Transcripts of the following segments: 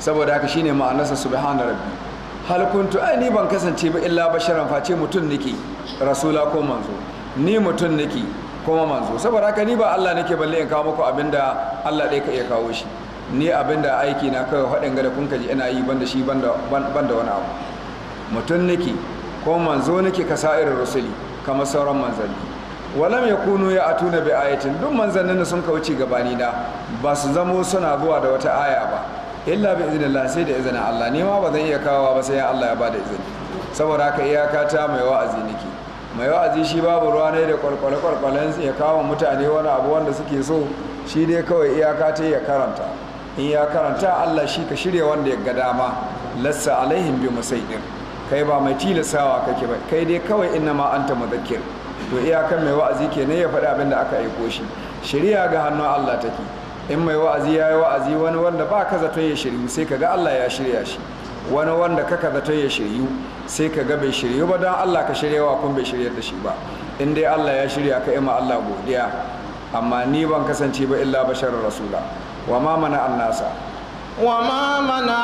saboda haka shine ma'anarsa subhana rabbi hal kuntu ai ni ban kasance ba illa basharan face mutun nake rasula ko manzo ni mutun nake kuma manzo saboda haka ni ba Allah nake balle in kawo muku abinda Allah dai ka iya kawo shi ni abinda aiki na kai haɗin gada kun kaji ina yi banda shi banda banda wani abu mutun nake ko manzo nake ka sa'ir rusuli kamar sauran manzanni walam ya kunu ya atuna bi ayatin duk manzannin sun kauce gabani na ba su zamo suna zuwa da wata aya ba illa bi iznillah sai da izinin Allah ni ma ba zan iya kawo ba sai Allah ya bada izini saboda haka iyaka ta mai wa'azi nake mai wa'azi shi babu ruwa ne da kwalkwale kwalkwalen ya kawo mutane wani abu wanda suke so shi dai kawai iyaka ta ya karanta in ya karanta Allah shi ka shirya wanda ya ga dama lassa alaihim bi musaidin kai ba mai tilasawa kake ba kai dai kawai inna ma anta mudakkir to iyakan mai wa'azi kenan ya faɗi abin da aka aiko shi shirya ga hannun Allah take in mai wa'azi ya yi wa'azi wani wanda ba ka zato ya shiryu sai ka ga allah ya shirya shi wani wanda kaka zato ya shiryu sai ka ga bai shiryu ba don allah ka shiryawa kun bai shirya da shi ba in dai allah ya shirya ka ima allah godiya amma ni ban kasance ba illa bashar rasula wa ma mana nasa. wa ma mana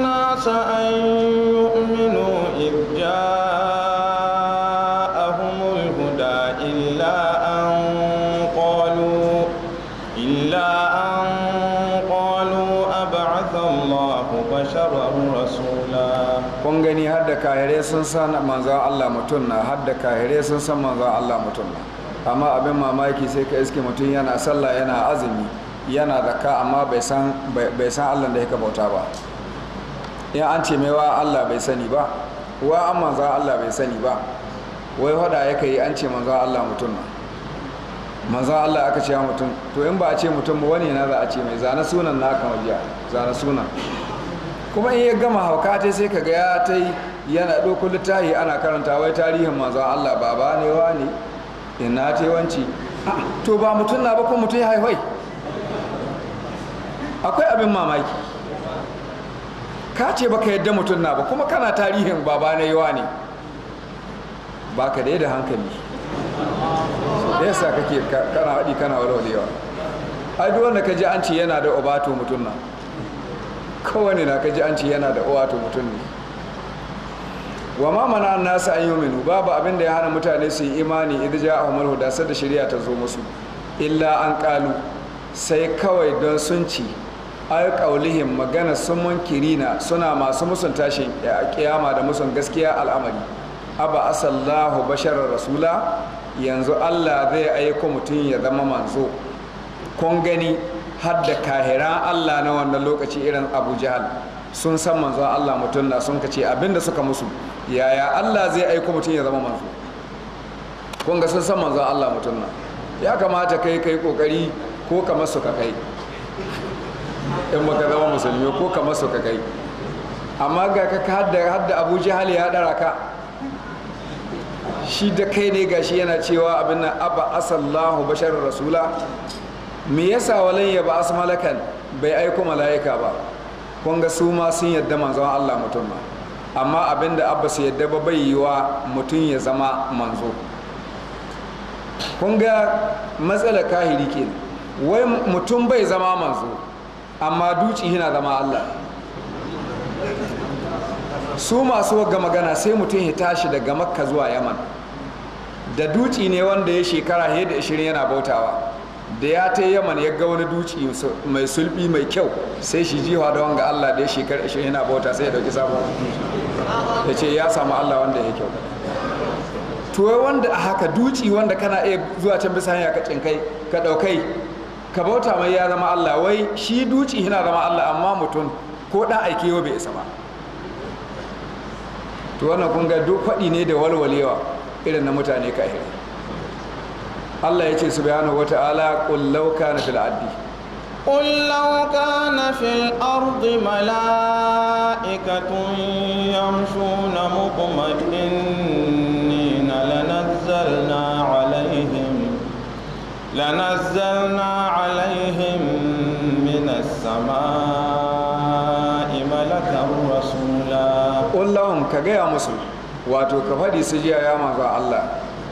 nasa an yu'minu idja kahire sun san manzan Allah mutum na har da kahire sun san manzan Allah mutum na amma abin mamaki sai ka iske mutum yana sallah yana azumi yana da ka amma bai san Allah da yake bauta ba in an ce mai wa Allah bai sani ba wa an manzan Allah bai sani ba wai hada yake yi an ce manzan Allah mutum na manzan Allah aka ce mutum to in ba a ce mutum ba wani na za a ce mai zana sunan na kama jiya zana sunan kuma in ya gama hauka ta sai ka ga ya ta yi yana ɗauko littahi ana karanta wai tarihin manzon Allah baba ne ne ina tewanci ah, to ba mutum na ba kuma mutum ya haihai akwai abin mamaki ka ce ba ka yadda mutum na ba kuma kana tarihin baba na yawa ne ba ka da hankali da yasa kake kana haɗi kana walwalewa yawa. duk wanda ka ji an ce yana da Obato mutum na kowane na ka ji an ce yana da Obato mutum ne wa ma mana nasu an yi yuminu babu abin da ya hana mutane su yi imani a ja'ahumul huda sai da shirya ta zo musu illa an kalu sai kawai don sun ci ay qaulihim magana sun munkirina suna masu musun tashin kiyama da musun gaskiya al'amari aba asallahu basharar rasula yanzu Allah zai aiko mutum ya zama manzo kun gani har da kahiran Allah na wannan lokaci irin Abu Jahal sun san manzon Allah mutum na sun kace abinda suka musu yaya Allah zai aiko mutum ya zama manzo kun ga sun san manzo Allah mutum nan ya kamata kai kai kokari ko kamar su ka kai in baka zama musulmi ko kamar su ka kai amma ga ka hadda hadda Abu Jahal ya dara ka shi da kai ne gashi yana cewa abin nan aba asallahu bashar rasula me yasa walan ya ba asmalakan bai aiko mala'ika ba kun ga su ma sun yadda manzon Allah mutum ma amma abin da abba su yadda ba bai yi wa mutum ya zama manzo kun ga matsala kahiri ke wai mutum bai zama manzo amma duci yana zama allah su masu wagga magana sai mutum ya tashi daga makka zuwa yaman da duci ne wanda ya shekara fiye da ashirin yana bautawa da ya ta yaman ya ga wani duci mai sulbi mai kyau sai shi jiwa da wanga allah da ya shekara ashirin yana bauta sai ya dauki sabon ya ce ya samu Allah wanda ya kyau to wanda a haka duci wanda kana iya zuwa can bisa hanya ka cinkai ka daukai ka bauta mai ya zama Allah wai shi duci yana zama Allah amma mutum ko dan aike yau bai isa ba to wannan kun ga duk faɗi ne da walwalewa irin na mutane kahiri Allah ya ce subhanahu wata'ala qul law kana fil addi قل لو كان في الأرض ملائكة يمشون مطمئنين لنزلنا عليهم لنزلنا عليهم من السماء ملكا رسولا قل لهم كجايا مسلم wato ka faɗi su jiya ya manzo Allah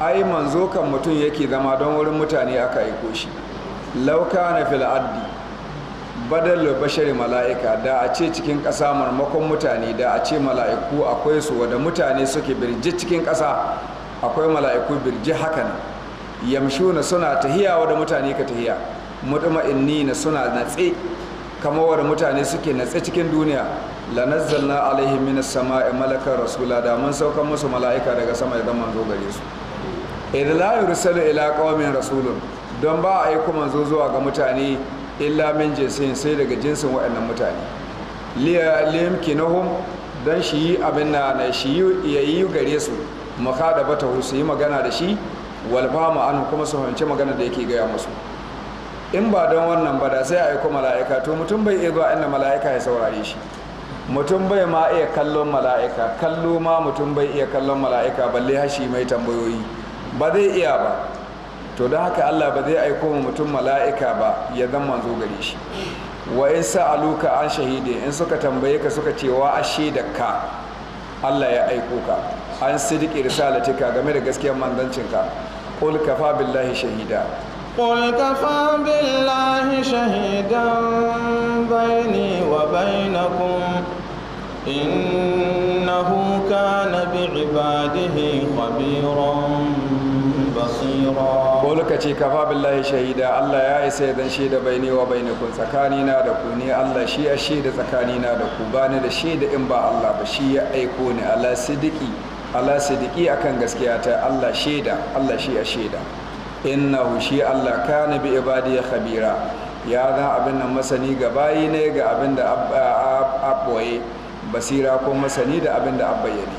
ai manzo kan mutum yake zama don wurin mutane aka aiko shi lauka na fil addi badal bashari mala'ika da a ce cikin ƙasa marmakon mutane da a ce mala'iku akwai su wada mutane suke birji cikin ƙasa akwai mala'iku birji haka nan yamshuna suna tahiya wada mutane ka tahiya na suna natse kamar wada mutane suke natse cikin duniya nazzalna alaihim minas sama'i malaka rasula da mun saukan musu mala'ika daga sama idan manzo gare su idan la yursalu ila qaumin rasulun don ba a yi kuma zo zuwa ga mutane illa min jinsin sai daga jinsin waɗannan mutane liya limkinahum dan shi yi abin na na shi yi gare su makadabatahu su yi magana da shi wal fama kuma su hanci magana da yake gaya musu in ba don wannan ba da sai a aiko mala'ika to mutum bai iya zuwa inda mala'ika ya saurare shi mutum bai ma iya kallon mala'ika kallo ma mutum bai iya kallon mala'ika balle shi mai tambayoyi ba zai iya ba to da haka Allah ba zai aiko mu mutum mala'ika ba ya zan manzo gare shi wa in sa'aluka an shahide in suka tambaye ka suka ce wa ashe da ka Allah ya aiko ka an sidiki risalatika game da gaskiyar manzancinka qul kafa billahi shahida قل كفى بالله شهيدا بيني وبينكم إنه كان بعباده خبيرا ko lokaci kafa billahi shahida Allah ya isa ya zan shaida baini wa bainakum tsakani na da ku ne Allah shi ya shaida tsakani na da ku ba ni da shaida in ba Allah ba shi ya aiko ni ala sidiki ala sidiki akan gaskiya ta Allah shaida Allah shi ya shaida innahu shi Allah kana bi ibadiya khabira ya za abin nan masani ga bayi ne ga abin da abboye basira ko masani da abin da abbayane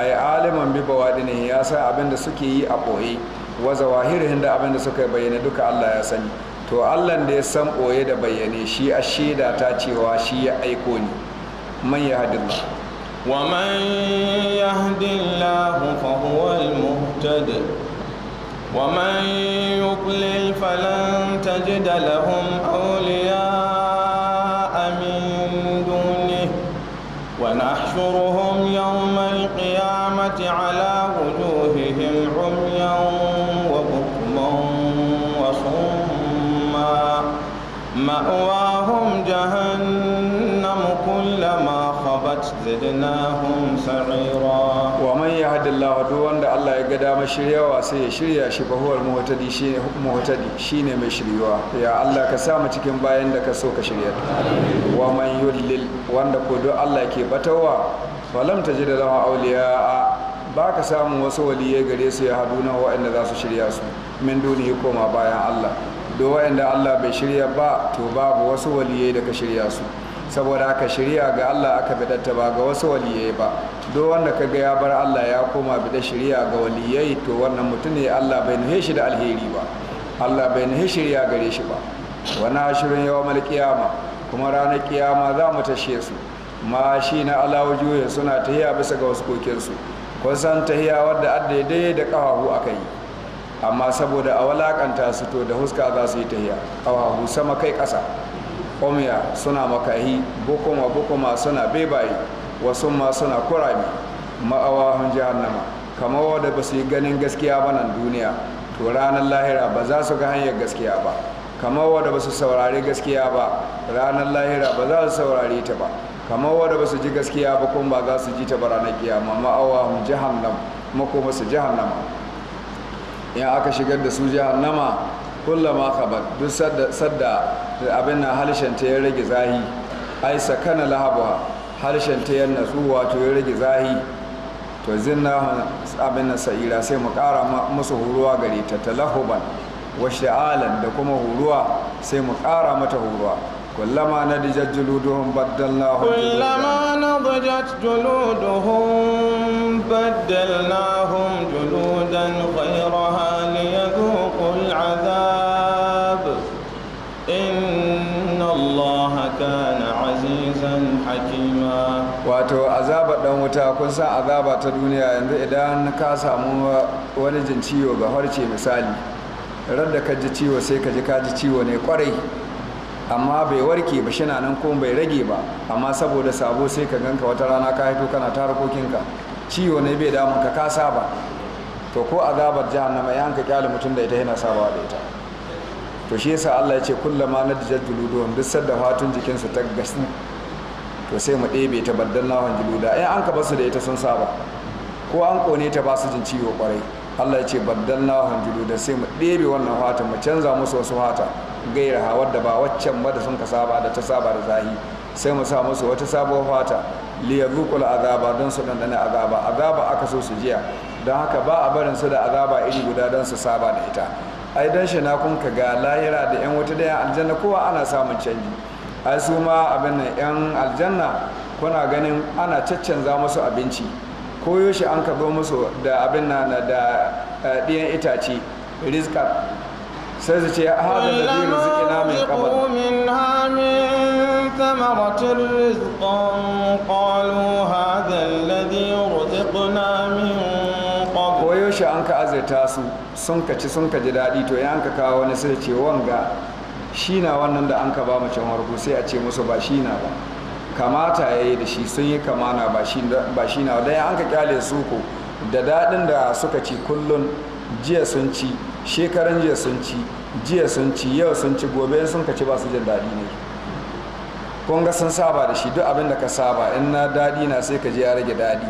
ai aliman bi bawadine ya sa abin da suke yi a boye wa zawahirin da abin suka bayyana duka Allah ya sani to Allah da ya san boye da bayyane shi a shaida ta cewa shi ya aiko ni man ya hadilla wa man yahdillahu fa huwa al-muhtadi wa man yuqlil falan tajid lahum awliya min dunihi wa nahshuruhum ala مأواهم جهنم كلما خبت زدناهم سعيرا ومن يهد الله دون الله يقدا مشريا وسي شريا شبه هو المهتدي شيء مهتدي شيء مشريوا يا الله كسامة cikin bayan da ka so ka shirya wa man yudlil wanda ko do Allah ke batawa falam tajid lahu awliya ba ka samu wasu waliyai gare su ya haduna waɗanda za su shirya su min duni koma bayan Allah do waɗanda Allah bai shirya ba to babu wasu waliyai da ka shirya su saboda aka shirya ga Allah aka bidatta ba ga wasu waliyai ba do wanda ka ga ya bar Allah ya koma bida shirya ga waliyai to wannan mutum ne Allah bai nuhe shi da alheri ba Allah bai nuhe shirya gare shi ba wani ashirin yawon kiyama kuma ranar kiyama za mu tashe su ma shi na alawujuhin suna tahiya bisa ga wasu kokinsu kun san tahiya wadda addaidai da ƙafafu aka yi amma saboda a walakanta su to da huska za su yi tahiya kawahu sama kai ƙasa omiya suna makahi bukuma bukuma suna bebaye wasu ma suna kurami ma'awahun jahannama kamar wadda ba su yi ganin gaskiya ba nan duniya to ranar lahira ba za su ga hanyar gaskiya ba kamar wadda ba su saurari gaskiya ba ranar lahira ba za su saurari ta ba kamar wadda ba su ji gaskiya ba kuma ba za su ji ta ba ranar kiyama ma'awahun jahannam makoma su jahannama in aka shigar da su jahannama kullama khabat duk sadda abin na harshen ta ya rage zahi ai sakana lahabuha harshen ta ya natsu wato ya rage zahi to zinna abin na sa'ira sai mu kara musu huruwa gare ta talahuban wa sha'alan da kuma huruwa sai mu kara mata huruwa kullama نضجت جلودهم بدلناهم كلما نضجت جلودهم بدلناهم جنودا غيرها ليذوقوا العذاب إن الله كان عزيزا حكيما wato azaba dan wuta kun san azaba ta duniya yanzu idan ka samu wani ciwo ga harce misali radda ka ji ciwo sai ka ji ka ji ciwo ne kwarai amma bai warke ba shi nan ko bai rage ba amma saboda sabo sai ka ganka wata rana ka haito kana ta harkokinka ciwo ne bai damun ka ka saba to ko azabar jahannama ya hanka kyale mutum da ita yana sabawa da ita to shi yasa Allah ya ce kullama nadijat juluduhum duk sadda fatun su ta gasu to sai mu ɗebe ta baddan lawan juluda in eh, an ka basu da ita sun saba ko an kone ta ba jin ciwo kwarai Allah ya ce baddan lawan juluda sai mu ɗebe wannan fatun mu canza musu wasu fata gairaha wadda ba waccan ba da sun ka saba da ta saba da zahi sai mu sa musu wata sabuwar fata liyazuqul azaba don su dandana azaba azaba aka so su jiya don haka ba a barin su da azaba iri guda don su saba da ita ai dan shi na kun ga lahira da yan wata daya aljanna kowa ana samun canji ai su ma abin nan yan aljanna kuna ganin ana caccanza musu abinci koyo shi an ka zo musu da abin nan da eh, ɗiyan itace rizqa sai su ce ha da rizqina min qabl ثمرة رزقا قالوا هذا الذي رزقنا من قبل ويوشي أنك أزيتا سو سنك سنك جدادي تو يانك كاو نسيتي وانغا shina wannan da anka ka ba mace warko sai a ce musu ba shina ba kamata ya yi da shi sun yi kamana ba shi ba dan an ka kyale su ko da daɗin da suka ci kullun jiya sun ci shekaran jiya sun ci jiya sun ci yau sun ci gobe sun ka ci ba su jin daɗi ne kun ga san saba da shi duk abin da ka saba in na daɗi na sai ka ji ya rage daɗi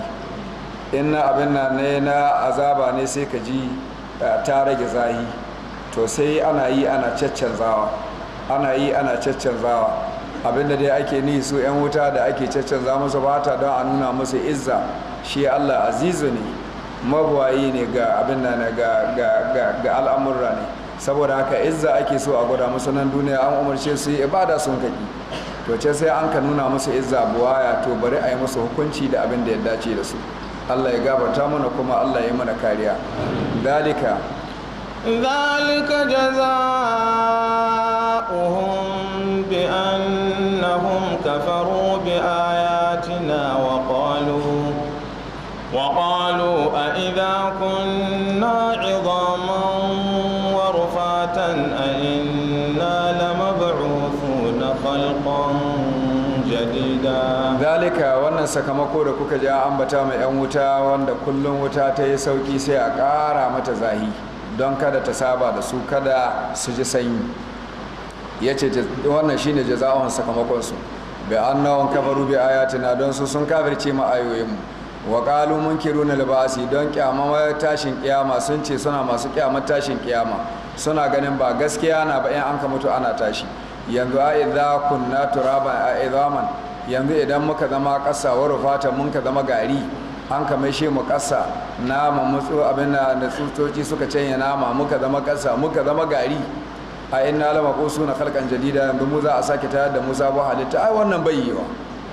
in na abin na ne na azaba ne sai ka ji eh, ta rage zahi to sai ana yi ana caccanzawa ana yi ana caccanzawa abin da dai ake ni su 'yan wuta da ake caccanza musu bata don a nuna musu izza shi allah azizu ne magwayi ne ga abin ga al'amurra ne saboda haka izza ake so a gwada musu nan duniya an umarce su yi ibada sun kaki to ce sai an ka nuna musu izza buwaya to bari a yi musu hukunci da abin da ya dace da su Allah ya gabata mana kuma Allah ya mana kariya dalika dalika jazaohum bi annahum kafaru bi ayatina wa qalu wa qalu a idha kunna zalika wannan sakamako da kuka ji an ambata mai yan wuta wanda kullum wuta ta yi sauki sai a ƙara mata zahi don kada ta saba da su kada su ji sanyi ya ce wannan ne jaza'on sakamakonsu bai annawan kafaru bi ayatina don su sun kafirce mu ayoyinmu mun qalu na libasi don kyama tashin kiyama sun ce suna masu kyama tashin kiyama suna ganin ba gaskiya na ba in an ka mutu ana tashi yanzu a idza kunna turaban a idzaman yanzu idan muka zama ƙasa wa rufata mun ka zama gari an kame shi mu ƙasa nama mutsu abin da tsutoci suka canya nama muka zama ƙasa muka zama gari a inna lama ko suna kalkan jadida yanzu mu za a sake tayar da musa ba halitta ai wannan bai yiwa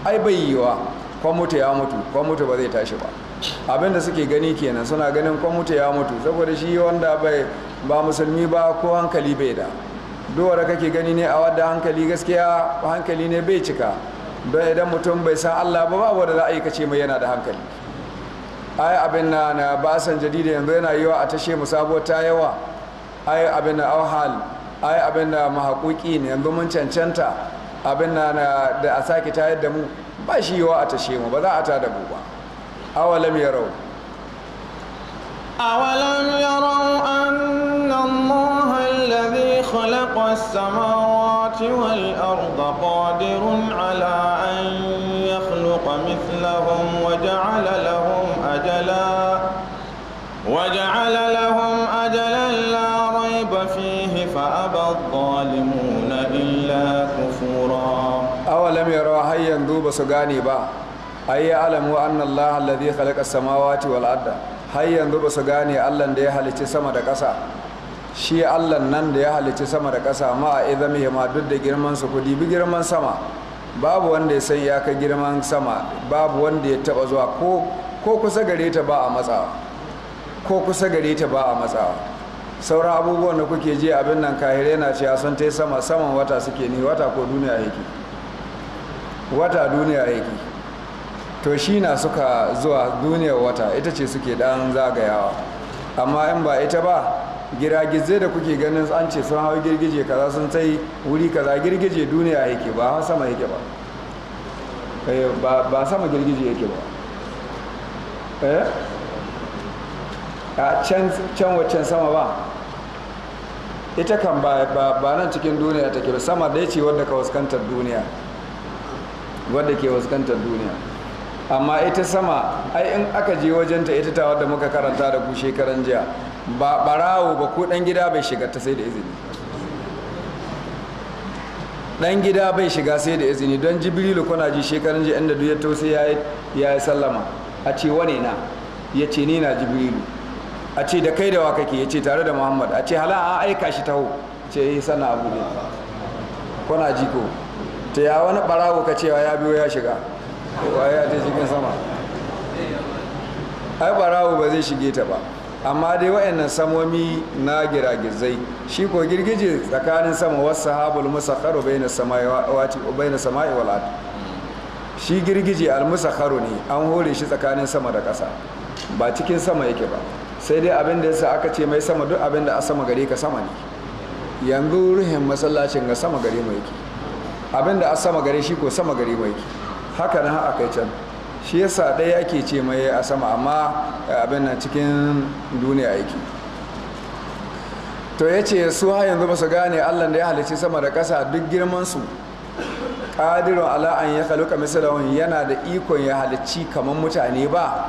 ai bai yiwa kwan mutu ya mutu kwan mutu ba zai tashi ba abinda suke gani kenan suna ganin kwan mutu ya mutu saboda shi wanda bai ba musulmi ba ko hankali bai da duwara kake gani ne a wadda hankali gaskiya hankali ne bai cika don idan mutum bai san Allah ba ba wadda za a yi kace mai yana da hankali ai abin na na basan jadida yanzu yana yiwa a tashe mu sabuwar ta yawa ai abin na auhal ai abin na mahaƙuƙi ne yanzu mun cancanta abin na na da a sake tayar da mu ba shi yiwa a tashe mu ba za a ta da mu ba awalam yarau awalam yarau annan خلق السماوات والأرض قادر على أن يخلق مثلهم وجعل لهم أجلا وجعل لهم أجلا لا ريب فيه فأبى الظالمون إلا كفورا أولم يروا هيا دوب سقاني با أي يعلموا أن الله الذي خلق السماوات والأرض هيا دوب سقاني ألا ندي هل تسمى دكسا shi allah nan da ya halicci sama da ƙasa ma a izamihi ma duk da girman su ku bi girman sama babu wanda ya san ya girman sama babu wanda ya taba zuwa ko kusa gare ta ba a matsawa ko kusa gare ta ba a matsawa sauran abubuwan da kuke ji abin nan kahire na cewa sun ta sama saman wata suke ni wata ko duniya yake wata duniya yake to shi na suka zuwa duniyar wata ita ce suke dan zagayawa amma in ba ita ba giragizai da kuke ganin an ce sun hau girgije kaza sun sai wuri kaza girgije duniya yake ba har sama yake ba eh, ba sama girgije yake ba eh a can waccan sama ba ita kan ba nan cikin duniya take ba sama da ce wadda ka waskantar duniya wadda ke waskantar duniya amma ita sama ai in aka je wajenta ita ta wadda muka karanta da ku shekaran jiya ba barawo ba ko dan gida bai shiga ta sai da izini dan gida bai shiga sai da izini don jibrilu kuna ji shekarun ji inda duk ya tausi ya yi sallama a ce wane na ya ce ni na jibrilu a ce da kai da wa kake ya ce tare da muhammad a ce hala an aika shi taho ce yi eh, sana abu ne kuna ji ko ta ya wani barawo ka cewa ya biyo ya shiga wa ya ta cikin sama ai barawo ba zai shige ta ba amma dai wa'annan samomi na giragizai shi ko girgije tsakanin sama wasu habul musakharu na sama'i wal ard shi girgije al musakharu ne an hore shi tsakanin sama da ƙasa ba cikin sama yake ba sai dai abin da yasa aka ce mai sama duk abin da a sama gare ka sama ne yanzu ruhin masallacin ga sama gare mai ke abin da a sama gare shi ko sama gare mai ke haka na haka can shi yasa ɗaya ake ce mai a sama amma eh, abin nan cikin duniya yake to ya ce su har yanzu ba su gane allah da ya halicci sama da ƙasa duk girmansu ƙadirin ala'an ya kaluka misalahun yana da ikon ya halicci kamar mutane ba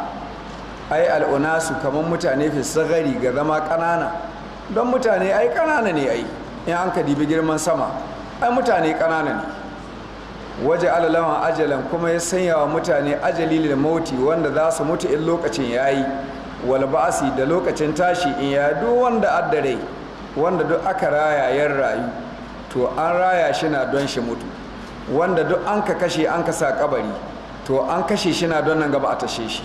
ai al'una su kamar mutane fi sagari ga zama ƙanana don mutane ai ƙanana ne ai in an ka dibi girman sama ai mutane ƙanana ne waje alalawan ajalan kuma ya sanya wa mutane ajali da mauti wanda za su mutu in lokacin ya yi walba'asi da lokacin tashi in ya duk wanda addare wanda duk aka raya yan rayu to an raya shi na don shi mutu wanda duk an ka kashe an ka sa kabari to an kashe shi na don nan gaba a tashe shi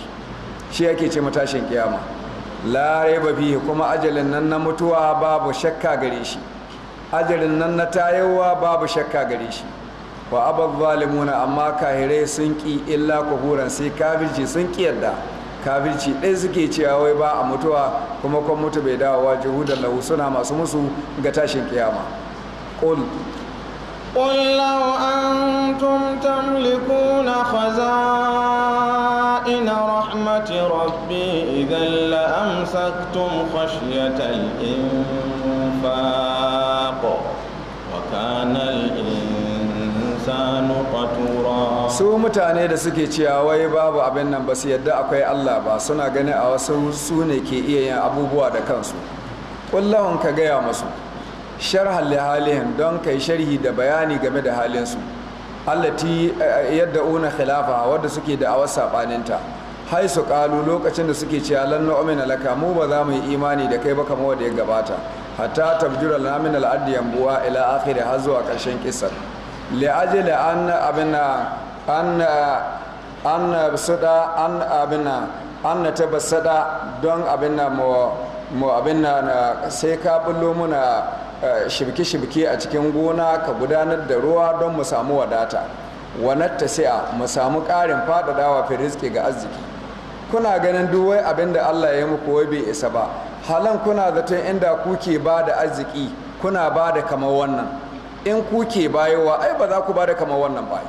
shi yake ce matashin kiyama lare ba fihi kuma ajalin nan na mutuwa babu shakka gare shi ajalin nan na tayowa babu shakka gare shi wa abab zalimuna amma kahirai sun ƙi illa kuhuran sai kafirci sun ki yadda kafirci ɗaya suke cewa wai ba a mutuwa kuma kwan mutu bai dawowa jihudan lahu suna masu musu ga tashin kiyama qul قل لو أنتم تملكون idan رحمة ربي إذا لأمسكتم خشية wa وكان الإنفاق insanu qatura su mutane da suke cewa wai babu abin nan ba su yadda akwai Allah ba suna gani a wasu su ne ke iya yin abubuwa da kansu kullahun ka gaya musu sharhan li halihim don kai sharhi da bayani game da halin su allati eh, eh, yadda una khilafa wanda suke da awasa baninta hai su kalu lokacin da suke cewa lan nu'mina laka mu ba za mu yi imani da kai ba kamar wanda ya gabata hatta tabjura lana min al ila akhir har zuwa karshen kisar li'ajili an abina an an suda an abina an na taba sada don abina mu na sai ka bullo muna shibki-shibki a cikin gona ka gudanar da ruwa don mu samu wadata wanatta si'a mu samu ƙarin faɗaɗawa fi rizki ga arziki kuna ganin duwai abin da allah ya muku wai bai isa ba halan kuna zaton inda kuke ba da arziki kuna ba da kamar wannan in kuke bayowa ai ba za ku ba da kamar wannan ba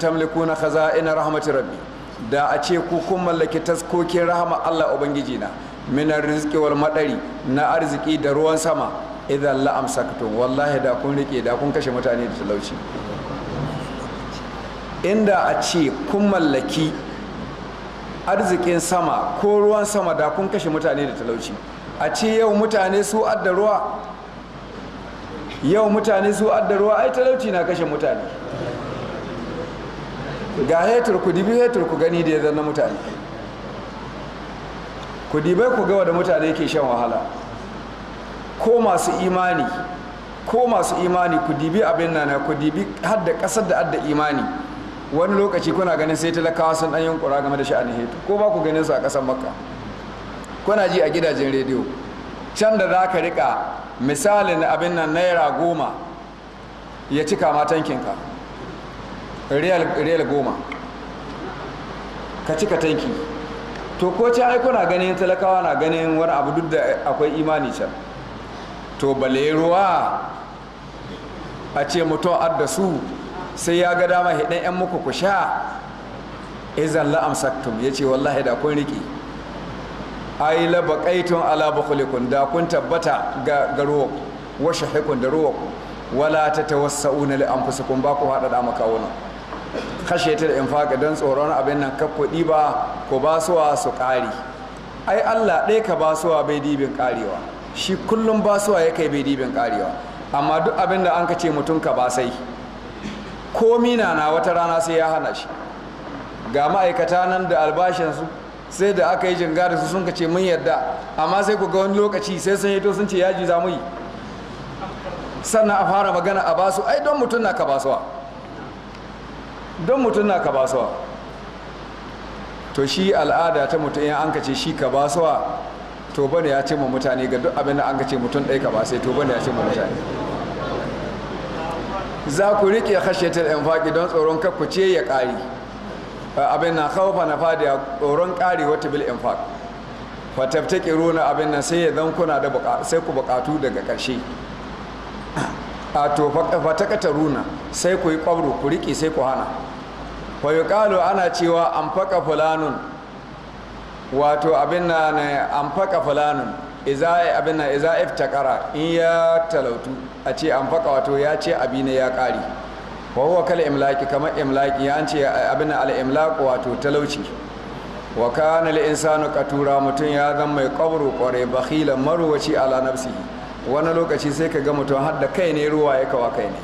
tamliku na kaza ina rahmatir rabbi da a ce ku kun mallaki taskokin rahama Allah ubangiji na min arziki wal madari na arziki da ruwan sama idan la amsaktum wallahi da kun rike da kun kashe mutane da talauci inda a ce kun mallaki arzikin sama ko ruwan sama da kun kashe mutane da talauci a ce yau mutane su adda ruwa yau mutane su addarwa ai talauci na kashe mutane ga hetur ku dibi hetur ku gani da ya zanna mutane ku dibai ku gawa da mutane ke shan wahala ko masu imani ko masu imani ku dibi abin nana ku dibi har da kasar da adda imani wani lokaci kuna ganin sai talakawa sun dan yunkura game da sha'anin hetu ko ba ku ganin su a kasar makka kuna ji a gidajen rediyo can da za ka rika misalin abin nan naira goma ya cika ma tankinka riyal goma ka cika tanki to ko can aiko kuna ganin talakawa na ganin wani abu duk da akwai imani can to bale ruwa a ce mutum adda su sai ya ga dama hidan yan muku ku sha izan la'am saktum ya ce wallahi da kun riƙe ai la baqaitun ala bukhulikun da kun tabbata ga garuwa wa shahikun da ruwa wala tatawassa'una li anfusikum ba ku hada da makawuna kashe ta da infaka don tsoron abin nan ka kuɗi ba ko ba wa su kari ai Allah dai ka ba wa bai dibin karewa shi kullum ba su wa yake bai dibin karewa amma duk abin da an ka ce mutum ka ba sai ko mina na wata rana sai ya hana shi ga ma'aikata nan da albashin su. sai da aka yi janga da su sun ka ce mun yadda amma sai ku ga wani lokaci sai sun to sun ce yaji za mu yi sannan a fara magana a basu ai don mutum na ka basuwa don mutum na ka basuwa to shi al'ada ta mutum ya an kace shi ka basuwa to bane ya ce ma mutane ga duk abin da an kace mutum ɗai ka ba sai to bane ya ce ma mutane za ku riƙe hashetar infaki don tsoron kakku ce ya ƙari abin na khawfa na a tsoron ƙari wata bil infaq fa tabtaki runa abin nan sai ya zan kuna da sai ku buƙatu daga ƙarshe a to fa kata runa sai ku yi ƙwabru ku riƙe sai ku hana fa yuqalu ana cewa an faka fulanun wato abin na an faka fulanun abin na iza ƙara in ya talautu a ce an faka wato ya ce abin ya ƙari wa huwa kal imlaki kamar imlaki ya ce abin al wato talauci wa kana lil insanu qatura mutun ya zama mai qabru qore bakhila marwaci ala nafsihi wani lokaci sai ka ga mutum hadda kai ne ruwa ya kawa kai ne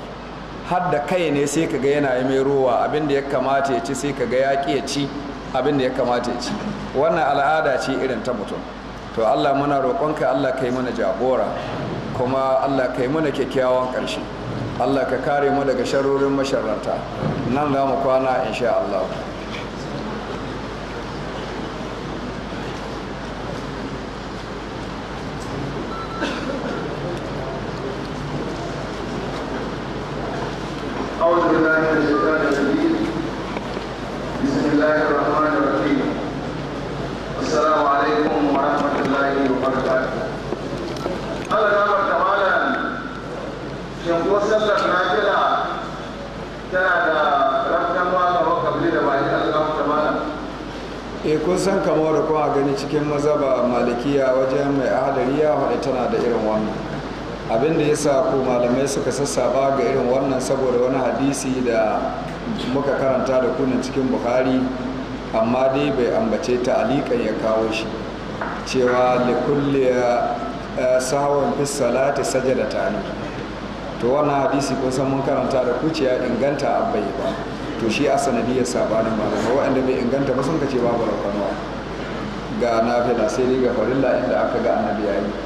hadda kai ne sai ka ga yana yi mai ruwa abin da ya kamata ya ci sai ka ga ya ki ya ci abin da ya kamata ya ci wannan al'ada ce irin ta mutum to Allah muna roƙonka Allah kai mana jagora kuma Allah kai mana kyakkyawan ƙarshe Allah ka kare mu daga sharorin masharanta nan za mu kwana insha Allah sa ko malamai suka sassaba ga irin wannan saboda wani hadisi da muka karanta da kunan cikin buhari amma dai bai ambace ta alikan ya kawo shi cewa likulli eh, sahawar fisalati sajada ta ne to wannan hadisi kun san mun karanta da kuciya inganta abai ba to shi a sanadiyar sabanin malamai waɗanda bai inganta ba sun kace babu rafanuwa ga nafila sai dai ga farilla inda aka ga annabi yayi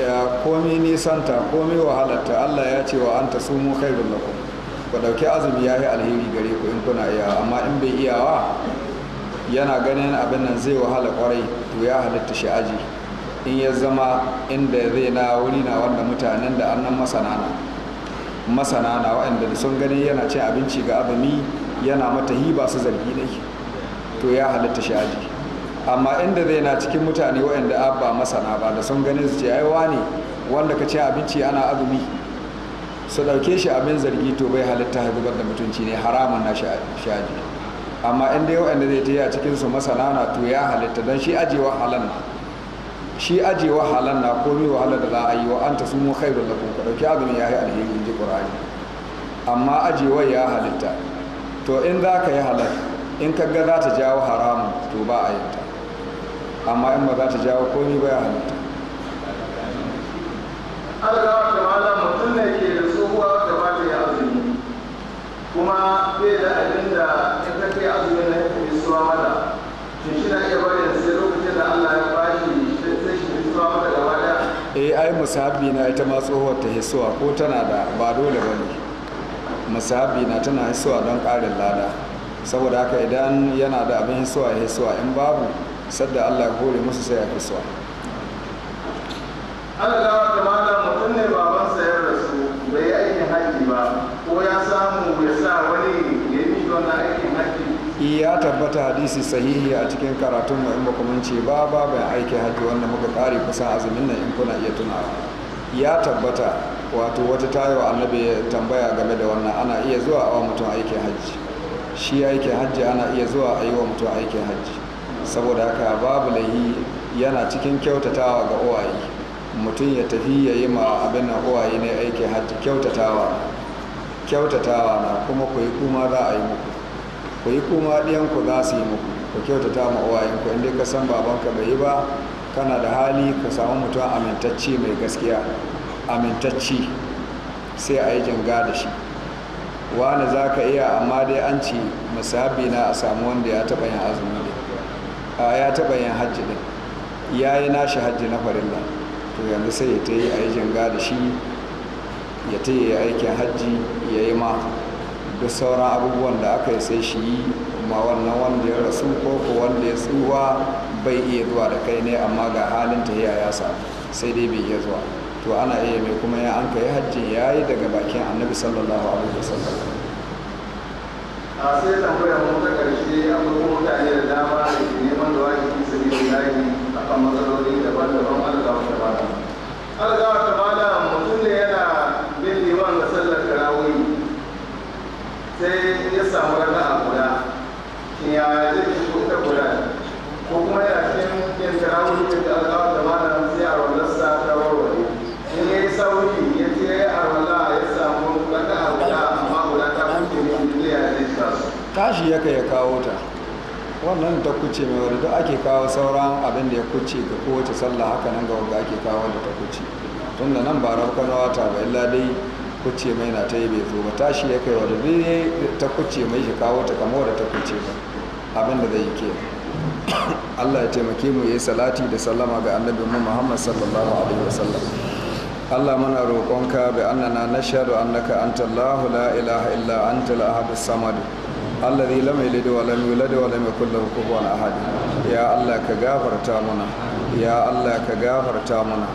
ya komi nisanta komi wahalarta Allah ya ce wa an ta sumu kai lakum ku dauki azumi ya yi alheri gare ku in kuna iya amma in bai iyawa yana ganin abin nan zai wahala kwarai to ya halitta shi aji in ya zama inda zai na wuri na wanda mutanen da annan masana na masana na waɗanda sun gani yana cin abinci ga azumi yana mata hiba su zargi ne to ya halitta shi aji amma inda zai na cikin mutane waɗanda abba masana ba da sun ganin su ce ai wani wanda ka ce abinci ana azumi su dauke shi abin zargi to bai halitta zubar da mutunci ne haramun na shaji amma inda yau inda zai taya cikin su masana na to ya halitta don shi ajewa halan na shi ajewa halan na ko mai wahala da za a yi wa anta su mu khairu lakum ka dauke azumi ya yi alheri in ji qur'ani amma ajewa ya halitta to in za ka yi halal in ka ga za ta jawo haramun to ba a yanta. amma in ba za ta jawo komi ba ya halatta Allah da malam mutum ne ke da tsohuwa da ba ta yi azumi kuma bai da abin da in ka kai azumi na ya fi suwa mata shi shi na iya barin sai lokacin da Allah ya bashi sai shi fi suwa mata gaba daya eh ai musahabi na ita ma tsohuwar ta hisuwa ko tana da ba dole ba ne musahabi na tana hisuwa don ƙarin lada saboda haka idan yana da abin hisuwa ya hisuwa in babu sadda Allah ya hore musu sai a kasuwa Allah ta mala mutum ne babansa ya rasu bai yi aikin haji ba ko ya samu ya sa wani ya yi mishi wannan aikin haji ya tabbata hadisi sahihi a cikin karatun mu in ba kuma ce ba ba bai aiki haji wannan muka kare kusan azumin nan in kuna iya tunawa ya tabbata wato wata tayo annabi tambaya game da wannan ana iya zuwa a mutum aikin haji shi aikin haji ana iya zuwa a yi wa mutum aikin haji saboda haka babu lahi yana cikin kyautatawa ga uwaye mutum ya tafi ya yi ma abin owaye uwaye ne aiki hajji kyautatawa kyautatawa na kuma ku yi kuma za a yi muku ku yi kuma ɗiyanku za su yi muku ku kyautata ma ku inda ka san babanka bai yi ba kana da hali ka samu mutum amintacci mai gaskiya amintacci sai a yi janga da shi wani za ka iya amma dai an ci musabi na a samu wanda ya taɓa yin azumi ya taba yin hajji din ya yi nashi hajji na farilla to yanzu sai ya ta yi a yi da shi ya ta yi aikin hajji ya yi ma duk sauran abubuwan da aka yi sai shi yi ma wannan wanda ya rasu ko ko wanda ya tsuwa bai iya zuwa da kai ne amma ga halin ta ya sa sai dai bai iya zuwa to ana iya mai kuma ya an kai hajji ya yi daga bakin annabi sallallahu alaihi wasallam a sai tambaya mu ta karshe akwai mutane da dama da ke neman da wajibi su bi layi a kan matsaloli daban-daban alƙawar da bala alƙawar da bala mutum ne yana bin liman da sallar tarawih sai ya samu rana a guda shi ya zai shi ko ta guda ko kuma yana cikin yin tarawih da alƙawar da bala tashi yaka ya kawo ta wannan ta kuce mai wadda duk ake kawo sauran abin da ya kuce ga kowace sallah haka nan ga wanda ake kawo da ta kuce tun da nan ba rafkan wata ba illa dai kuce mai na ta yi bai zo ba tashi ya kai wani duk ta kuce mai shi kawo ta kamar wadda ta kuce ba abin da zai yi ke Allah ya taimake mu yayi salati da sallama ga annabi mu Muhammad sallallahu alaihi wasallam Allah muna roƙonka bi annana nashhadu annaka antallahu la ilaha illa antal ahadus samad alladhi lam yalid wa lam yulad wa lam yakul lahu kufuwan ahad ya Allah ka gafarta mana ya Allah ka gafarta mana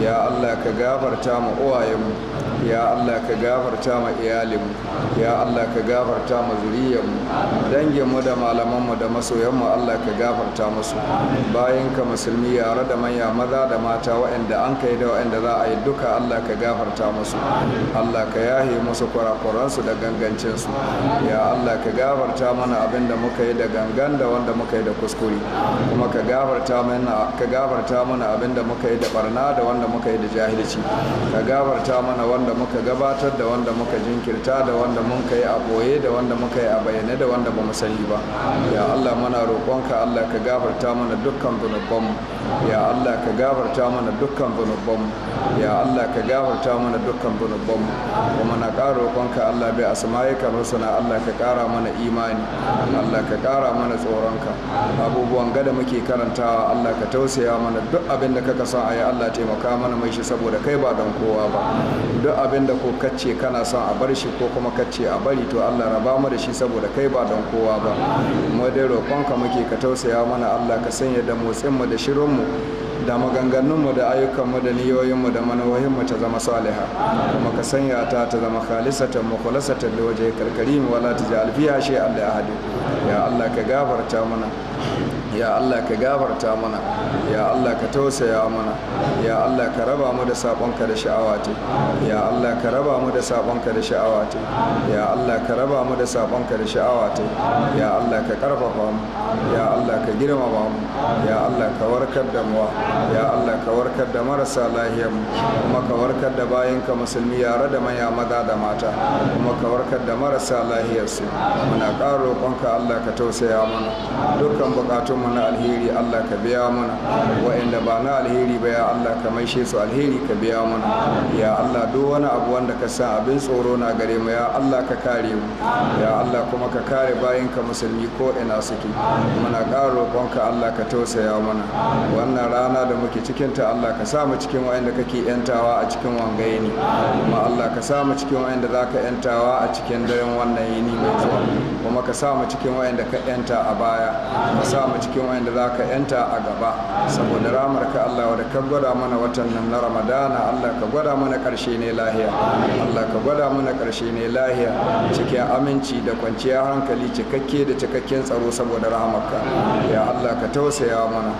ya Allah ka gafarta mu uwayenmu ya Allah ka gafarta mu iyalinmu ya Allah ka gafarta mu dange danginmu da malamanmu da masoyanmu Allah ka gafarta musu bayan ka musulmi yare da manya maza da mata waɗanda an kai da waɗanda za a yi duka Allah ka gafarta musu Allah ka yahe musu su da gangancinsu ya Allah ka gafarta mana abin da muka yi da gangan da wanda muka yi da kuskure kuma ka gafarta mana ka gafarta mana abin da muka yi da barna da wanda muka yi da jahilci ka gafarta mana wanda muka gabatar da wanda muka jinkirta da wanda mun kai a boye da wanda muka yi a bayyane da wanda ba mu sani ba ya Allah muna roƙonka Allah ka gafarta mana dukkan zunubanmu ya Allah ka gafarta mana dukkan zunubanmu ya Allah ka gafarta mana dukkan zunubanmu kuma na ƙara roƙonka Allah bai asma'ika rusuna Allah ka kara mana imani Allah ka ƙara mana tsoronka abubuwan gada muke karantawa Allah ka tausaya mana duk abin da kaka son ayi Allah taimaka mana mai shi saboda kai ba don kowa ba duk abin da ko kace kana son a bar shi ko kuma kace a bari to Allah raba mu da shi saboda kai ba don kowa ba mu dai roƙonka muke ka tausaya mana Allah ka sanya da motsin mu da shirin mu da maganganunmu da ayyukanmu da niyoyinmu da manohinmu ta zama saliha kuma ka sanya ta ta zama khalisatan mukhlasatan li karkari mu wala taj'al fiha shay'an li ahadi ya Allah ka gafarta mana ya Allah ka gafarta mana ya Allah ka tausaya mana ya Allah ka raba mu da sabonka da sha'awa ta ya Allah ka raba mu da sabonka da sha'awa ta ya Allah ka raba mu da sabonka da sha'awa ta ya Allah ka karfafa mu ya Allah ka girmama mu ya Allah ka warkar da mu ya Allah ka warkar da marasa lahiyar mu kuma ka warkar da ka musulmi yare da maya maza da mata kuma ka warkar da marasa lahiyar su muna karo roƙonka Allah ka tausaya mana dukkan bukatun mana alheri Allah ka biya mana wa'anda ba na alheri ba ya Allah ka maishe su alheri ka biya mana ya Allah duk wani abu wanda ka sa abin tsoro na gare mu ya Allah ka kare mu ya Allah kuma ka kare bayan ka musulmi ko ina suke muna ƙara roƙonka Allah ka tausaya mana wannan rana da muke cikin ta Allah ka sa mu cikin wa'anda kake yantawa a cikin wangaye ne kuma Allah ka sa mu cikin wa'anda zaka yantawa a cikin daren wannan yini mai zuwa kuma ka sa mu cikin wa'anda ka yanta a baya ka sa mu cikin cikin wanda za ka yanta a gaba saboda ka Allah wadda ka gwada mana watan nan na ramadana Allah ka gwada mana ƙarshe ne lahiya Allah ka gwada mana ƙarshe ne lahiya cikin aminci da kwanciyar hankali cikakke da cikakken tsaro saboda ramarka ya Allah ka tausaya mana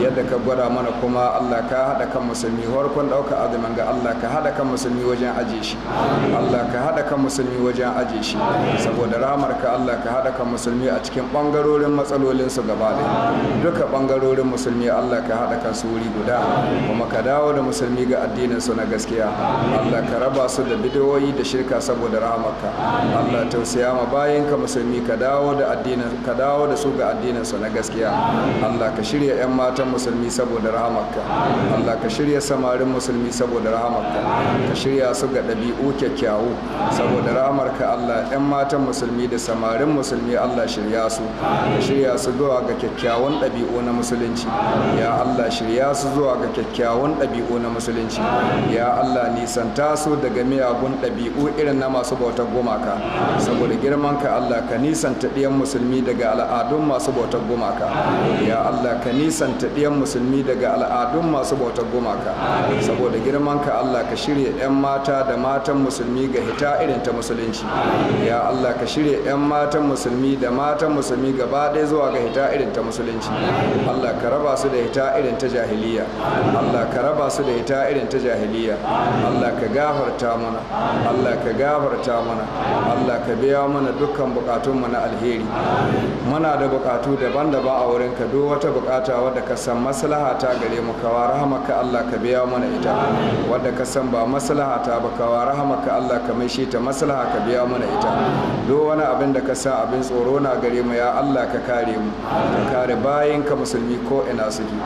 yadda ka gwada mana kuma Allah ka haɗa kan musulmi farkon dauka azumin ga Allah ka haɗa kan musulmi wajen aje shi Allah ka haɗa kan musulmi wajen aje shi saboda ramarka Allah ka haɗa kan musulmi a cikin ɓangarorin matsalolinsu gaba ɗaya duka bangarorin musulmi Allah ka haɗa kansu wuri guda kuma ka dawo da musulmi ga addinin su na gaskiya Allah ka raba su da bidiyoyi da shirka saboda rahamarka Allah tausaya ma ka musulmi ka dawo da addinin ka dawo da su ga addinin su na gaskiya Allah ka shirya 'yan matan musulmi saboda rahamarka Allah ka shirya samarin musulmi saboda rahamarka ka shirya su ga ɗabi'u kyakkyawu saboda rahamarka Allah 'yan matan musulmi da samarin musulmi Allah shirya su ka shirya su zuwa ga kyakkyawu kyakkyawan ɗabi'u na musulunci ya Allah shirya su zuwa ga kyakkyawan ɗabi'u na musulunci ya Allah nisanta su daga miyagun ɗabi'u irin na masu bautar gumaka saboda girman ka Allah ka nisanta ɗiyan musulmi daga al'adun masu bautar gumaka ya Allah ka nisanta ɗiyan musulmi daga al'adun masu bautar gumaka saboda girman ka Allah ka shirya 'yan mata da matan musulmi ga hita irin ta musulunci ya Allah ka shirya 'yan matan musulmi da matan musulmi gaba ɗaya zuwa ga hita irin ta musulunci musulunci Allah ka raba su da ita irin ta jahiliya Allah ka raba su da ita irin ta jahiliya Allah ka gafarta mana Allah ka gafarta mana Allah ka biya mana dukkan bukatun mu na alheri muna da bukatu daban-daban a wurin ka duk wata bukata wadda ka san maslaha ta gare mu kawa rahamaka Allah ka biya mana ita wadda ka san ba maslaha ta ba kawa rahamaka Allah ka mai shi ta maslaha ka biya mana ita duk wani abin da ka sa abin tsoro na gare mu ya Allah ka kare mu ka kare ka musulmi ko ina suke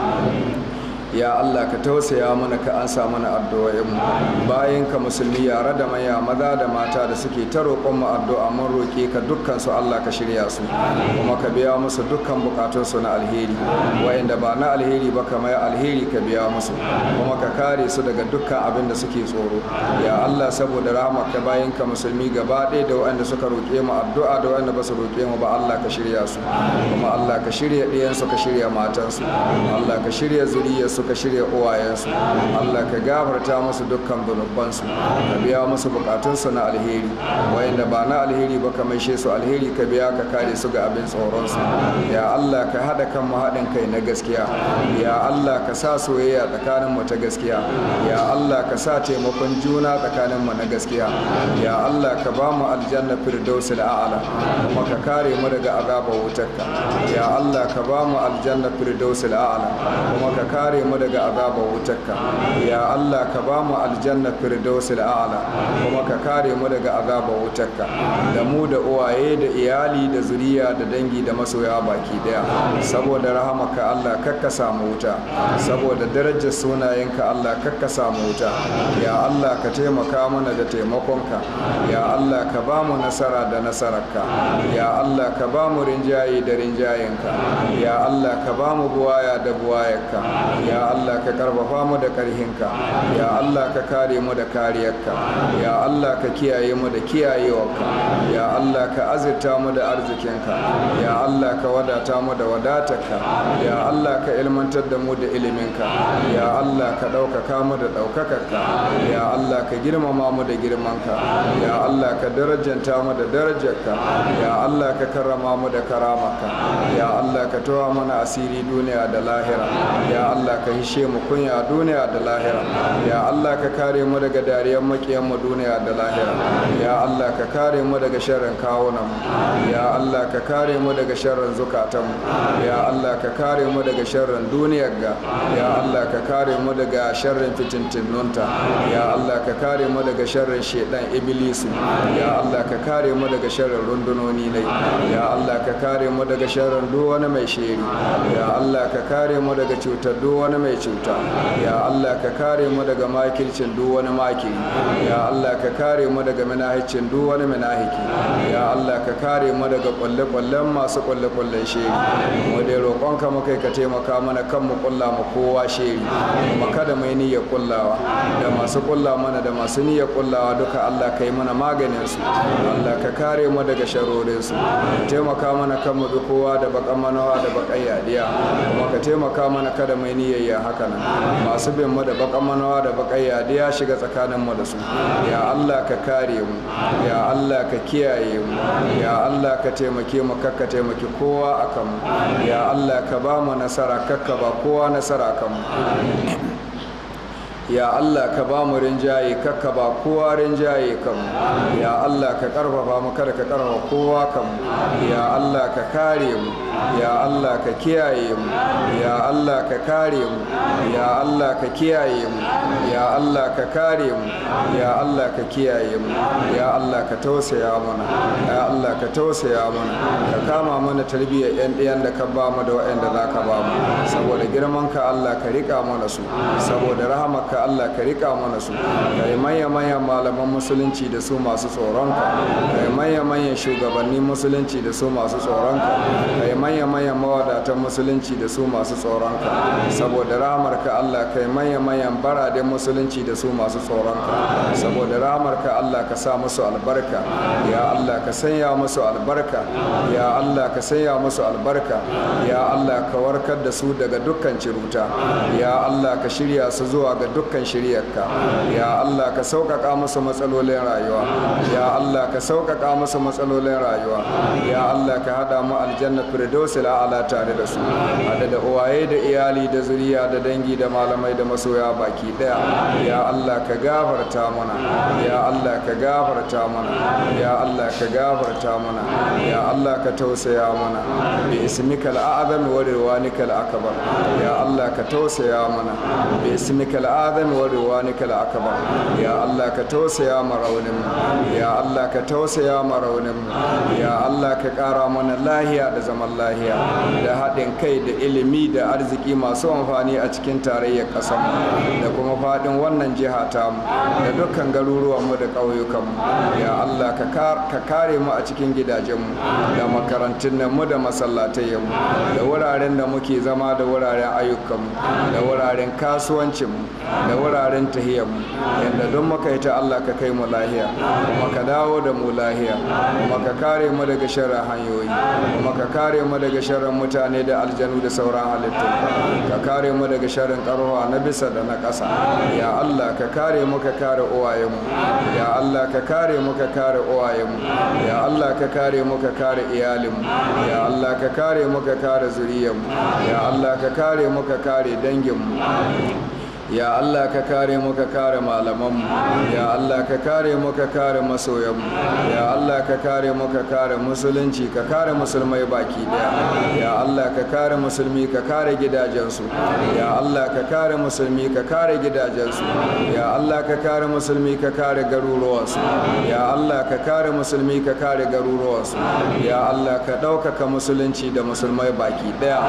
ya Allah ka tausaya mana ka ansa mana addu'o'in mu bayan ka musulmi yare da maya maza da mata da suke ta roƙon mu addu'a mun roƙe ka dukkan su Allah ka shirya su kuma ka biya musu dukkan bukatun su na alheri wa'inda ba na alheri ba kamar alheri ka biya musu kuma ka kare su daga dukkan abin da suke tsoro ya Allah saboda rahama ka bayan ka musulmi gaba ɗaya da wa'anda suka roƙe mu addu'a da wa'anda ba su roƙe mu ba Allah ka shirya su kuma Allah ka shirya su ka shirya matansu Allah ka shirya zuriyar suka shirya uwayensu Allah ka gafarta musu dukkan zunubansu ka biya musu bukatunsu na alheri wayanda ba na alheri ba ka maishe su alheri ka biya ka kare su ga abin tsoronsu ya Allah ka haɗa kan mu haɗin kai na gaskiya ya Allah ka sa soyayya tsakanin mu ta gaskiya ya Allah ka sa taimakon juna tsakanin mu na gaskiya ya Allah ka ba mu aljanna da a'ala kuma ka kare mu daga azabar wutarka ya Allah ka ba mu aljanna da a'ala kuma ka kare mu daga azabar wutarka ya Allah ka ba mu aljanna firdausil a'la kuma ka kare mu daga azabar wutarka da mu da uwaye da iyali da zuriya da dangi da masoya baki daya saboda rahamaka Allah kakka samu wuta saboda darajar sunayenka Allah kakka samu wuta ya Allah ka taimaka mana da taimakonka ya Allah ka ba mu nasara da nasararka ya Allah ka ba mu rinjaye da rinjayenka ya Allah ka ba mu buwaya da buwayarka ya Allah ka karfafa mu da karhinka ya Allah ka kare mu da kariyarka ya Allah ka kiyaye mu da kiyayewarka ya Allah ka azirta mu da arzikinka ya Allah ka wadata mu da wadatarka ya Allah ka ilmantar da mu da iliminka ya Allah ka ɗaukaka mu da ɗaukakarka ya Allah ka girmama mu da girmanka ya Allah ka darajanta mu da darajarka ya Allah ka karrama mu da karamarka ya Allah ka towa mana asiri duniya da lahira ya Allah ka ka hishe mu kunya a duniya da lahira ya Allah ka kare mu daga dariyar makiyan mu duniya da lahira ya Allah ka kare mu daga sharrin kawunan ya Allah ka kare mu daga sharrin zukatan ya Allah ka kare mu daga sharrin duniyar ga ya Allah ka kare mu daga sharrin fitintinnunta ya Allah ka kare mu daga sharrin shedan iblisi ya Allah ka kare mu daga sharrin rundunoni ne ya Allah ka kare mu daga sharrin duk wani mai shiri ya Allah ka kare mu daga cutar duk wani mai cuta ya Allah ka kare mu daga makircin duk wani makiri ya Allah ka kare mu daga minahicin duk wani minahiki ya Allah ka kare mu daga kwalle-kwallen masu kwalle-kwallen shiri mu dai ka mu kai ka taimaka mana kan mu kulla mu kowa shiri mu kada mai niyyar kullawa da masu kulla mana da masu niyyar kullawa duka Allah ka yi mana maganin su Allah ka kare mu daga sharorin su taimaka mana kan mu kowa da bakan manawa da bakan yadiya kuma ka taimaka mana kada mai niyyar ya haka nan masu bin mu da bakan manawa da bakan yadi ya shiga tsakanin mu da su ya Allah ka kare mu ya Allah ka kiyaye mu ya Allah ka taimake mu kakka taimaki kowa akan mu ya Allah ka ba mu nasara kakka ba kowa nasara akan mu ya Allah ka ba mu rinjaye kakka ba kowa rinjaye mu ya Allah ka karfafa mu kada ka karfafa kowa mu ya Allah ka kare mu ya Allah ka kiyaye mu ya Allah ka kare mu ya Allah ka kiyaye mu ya Allah ka kare mu ya Allah ka kiyaye mu ya Allah ka tausaya mana ya Allah ka tausaya mana ka kama mana tarbiyyar yan ɗiyan da ka ba mu da waɗanda za ka ba mu saboda girman ka Allah ka rika mana su saboda rahama ka Allah ka rika mana su kai manya manyan malaman musulunci da su masu tsoron ka kai manya manyan shugabannin musulunci da su masu tsoron ka kai manya-manyan mawadatan musulunci da su masu tsoronka saboda rahamarka Allah kai manya-manyan baraden musulunci da su masu tsoronka saboda rahamarka Allah ka sa musu albarka ya Allah ka sanya musu albarka ya Allah ka sanya musu albarka ya Allah ka warkar da su daga dukkan ciruta ya Allah ka shirya su zuwa ga dukkan shiryarka ya Allah ka sauƙaƙa musu matsalolin rayuwa ya Allah ka sauƙaƙa musu matsalolin rayuwa ya Allah ka haɗa mu aljanna firdaus firdausil a'ala tare da su hada uwaye da iyali da zuriya da dangi da malamai da masoya baki daya ya Allah ka gafarta mana ya Allah ka gafarta mana ya Allah ka gafarta mana ya Allah ka tausaya mana bi ismikal a'zam wa ridwanikal akbar ya Allah ka tausaya mana bi ismikal a'zam wa ridwanikal akbar ya Allah ka tausaya mana raunin ya Allah ka tausaya mana raunin ya Allah ka kara mana lahiya da zaman lahiya lahiya da haɗin kai da ilimi da arziki masu amfani a cikin tarayyar ƙasar da kuma faɗin wannan jiha ta mu da dukkan garuruwan mu da ƙauyukan mu ya Allah ka kare mu a cikin gidajen mu da makarantun nan mu da masallatai mu da wuraren da muke zama da wuraren ayyukan mu da wuraren kasuwancin mu da wuraren tahiyar mu yadda don muka yi ta Allah ka kai mu lahiya kuma ka dawo da mu lahiya kuma ka kare mu daga sharar hanyoyi kuma ka kare mu mu daga sharrin mutane da aljanu da sauran halittu ka kare mu daga sharrin karuwa na bisa da na ƙasa ya Allah ka kare mu ka kare uwayenmu ya Allah ka kare mu ka kare uwayenmu ya Allah ka kare mu ka kare iyalinmu ya Allah ka kare mu ka kare zuriyarmu ya Allah ka kare mu ka kare danginmu ya Allah ka kare mu ka kare malamanmu ya Allah ka kare mu ka kare masoyanmu ya Allah ka kare mu ka kare musulunci ka kare musulmai baki daya ya Allah ka kare musulmi ka kare gidajensu ya Allah ka kare musulmi ka kare gidajensu ya Allah ka kare musulmi ka kare garuruwansu ya Allah ka kare musulmi ka kare garuruwansu ya Allah ka ɗaukaka musulunci da musulmai baki daya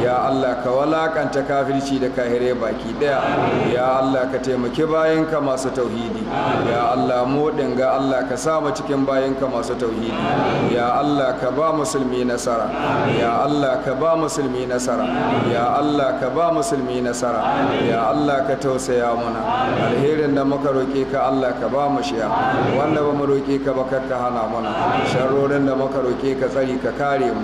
ya Allah ka walakanta kafirci da kahire baki daya ya Allah ka taimaki bayanka masu tauhidi ya Allah mu dinga Allah ka sa mu cikin bayanka masu tauhidi ya Allah ka ba musulmi nasara ya Allah ka ba musulmi nasara ya Allah ka ba musulmi nasara ya Allah ka tausaya muna alherin da muka roƙe ka Allah ka ba mu shiya wanda ba mu roƙe ka ba ka hana muna sharrorin da muka roƙe ka tsari ka kare mu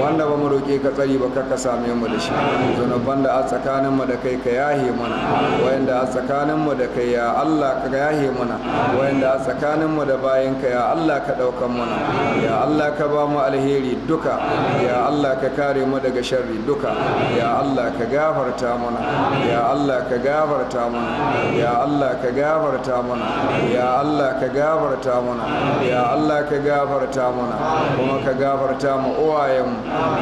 wanda ba mu roƙe ka tsari ba ka same mu da shi zunuban da a tsakaninmu da kai ka yahe mana wayanda a tsakaninmu da kai ya Allah ka yahe muna wayanda a tsakaninmu da ka ya Allah ka ɗaukan muna ya Allah ka ba mu alheri duka ya Allah ka kare mu daga sharri duka ya Allah ka gafarta muna ya Allah ka gafarta muna ya Allah ka gafarta muna ya Allah ka gafarta muna ya Allah ka gafarta muna kuma ka gafarta mu uwayenmu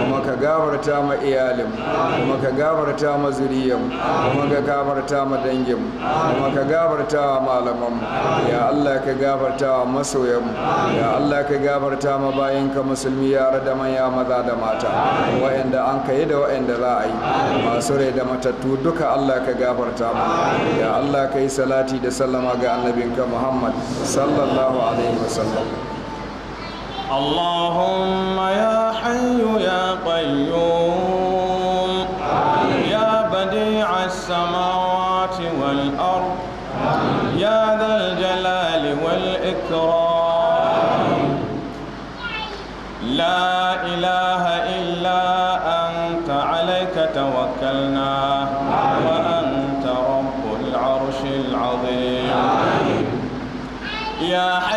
kuma ka gafarta mu iyalinmu kuma ka gafarta mu zuriyarmu kuma ka gafarta gafarta ma dangin kuma ka gafarta wa malaman ya Allah ka gafarta wa masoyan ya Allah ka gafarta ma bayan ka musulmi yara da manya maza da mata wa'anda an kai da wa'anda za a yi masu rai da matattu duka Allah ka gafarta mu ya Allah ka yi salati da sallama ga annabinka Muhammad sallallahu alaihi wasallam اللهم يا حي يا قيوم يا بديع السماوات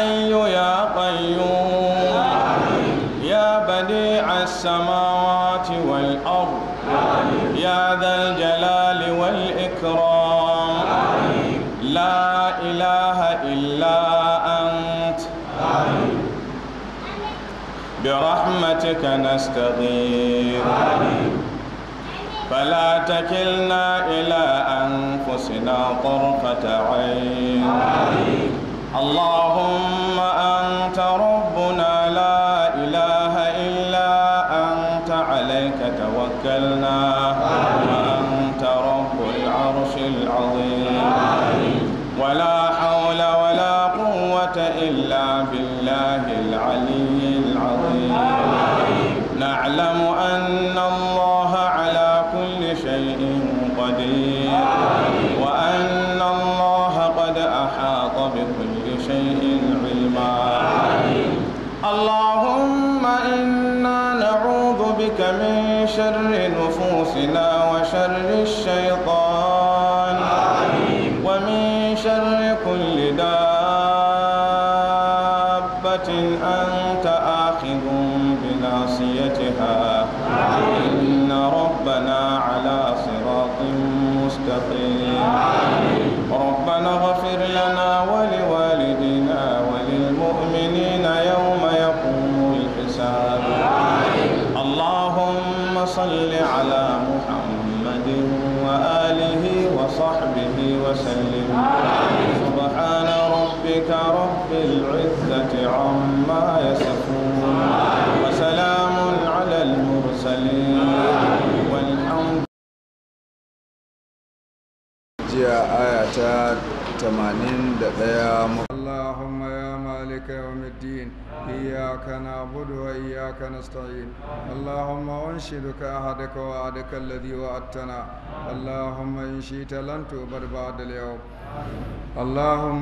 حي يا قيوم يا بديع السماوات والأرض يا ذا الجلال والإكرام لا إله إلا أنت برحمتك نستغيث فلا تكلنا إلى أنفسنا طرفة عين آمين. اللهم أنت ربنا لا إله إلا أنت عليك توكلنا على محمد وآله وصحبه وسلم سبحان ربك رب العزة عما يصفون وسلام على المرسلين والحمد جاء آية 81 اللهم يا مالك يوم الدين إياك نعبد وإياك نستعين اللهم أنشدك أحدك وعدك الذي وعدتنا اللهم إن شئت لن تؤبر بعد اليوم اللهم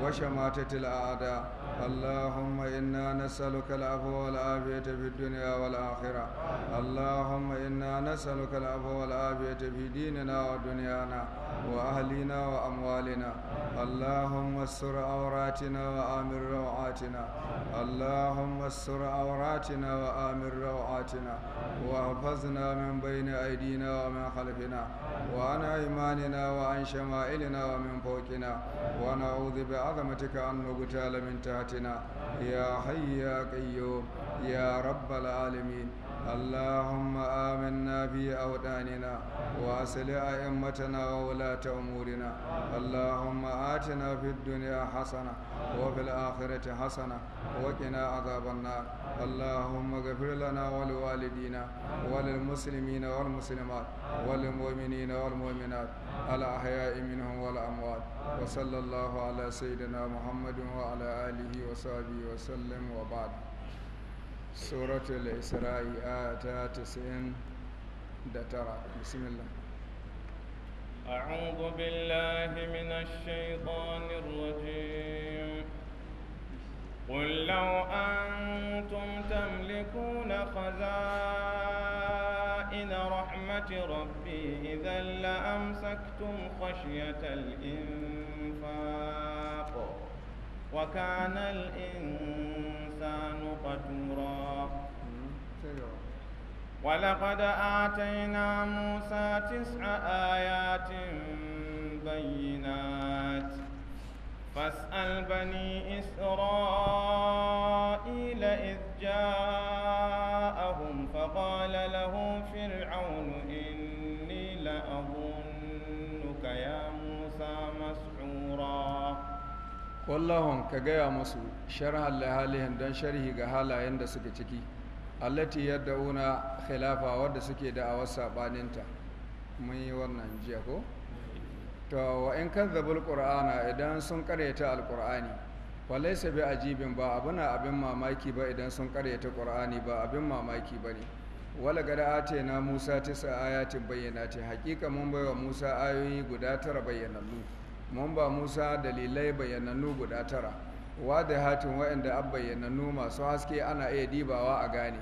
washe matatil a'ada اللهم إنا نسألك العفو والعافية في الدنيا والآخرة اللهم إنا نسألك العفو والعافية في ديننا ودنيانا وأهلنا وأموالنا اللهم استر عوراتنا وآمن روعاتنا اللهم استر عوراتنا وآمن روعاتنا واحفظنا من بين أيدينا ومن خلفنا وعن أيماننا وعن شمائلنا ومن فوقنا ونعوذ بعظمتك أن نغتال من تحتنا برحمتنا يا حي يا قيوم يا رب العالمين اللهم آمنا في أوداننا وأسل أئمتنا وولاة أمورنا اللهم آتنا في الدنيا حسنة وفي الآخرة حسنة وقنا عذاب النار اللهم اغفر لنا ولوالدينا وللمسلمين والمسلمات والمؤمنين والمؤمنات الأحياء منهم والأموات وصلى الله على سيدنا محمد وعلى آله عليه وصحبه وسلم وبعد سورة الإسراء آيات 90 دترى بسم الله أعوذ بالله من الشيطان الرجيم قل لو أنتم تملكون خزائن رحمة ربي إذا لأمسكتم خشية الإنفاق وكان الإنسان قتورا ولقد آتينا موسى تسع آيات بينات فاسأل بني إسرائيل إذ جاءهم فقال له فرعون إني لأظنك يا موسى مسحورا kwallahun ka gaya musu sharhan lahalihin don sharhi ga halayen da suke ciki allati yadda una khilafa wadda suke wasu saɓaninta mun yi wannan jiya ko to wa in kadzabul qur'ana idan sun karyata alqur'ani fa laysa bi ajibin ba abuna abin mamaki ba idan sun karyata qur'ani ba abin mamaki bane wala gada ate na musa tisa ayatin ta hakika mun bai wa musa ayoyi guda tara bayyanannu mun ba musa dalilai bayyanannu guda tara Wa da hatin waɗanda an bayyananu masu haske ana iya dibawa a gane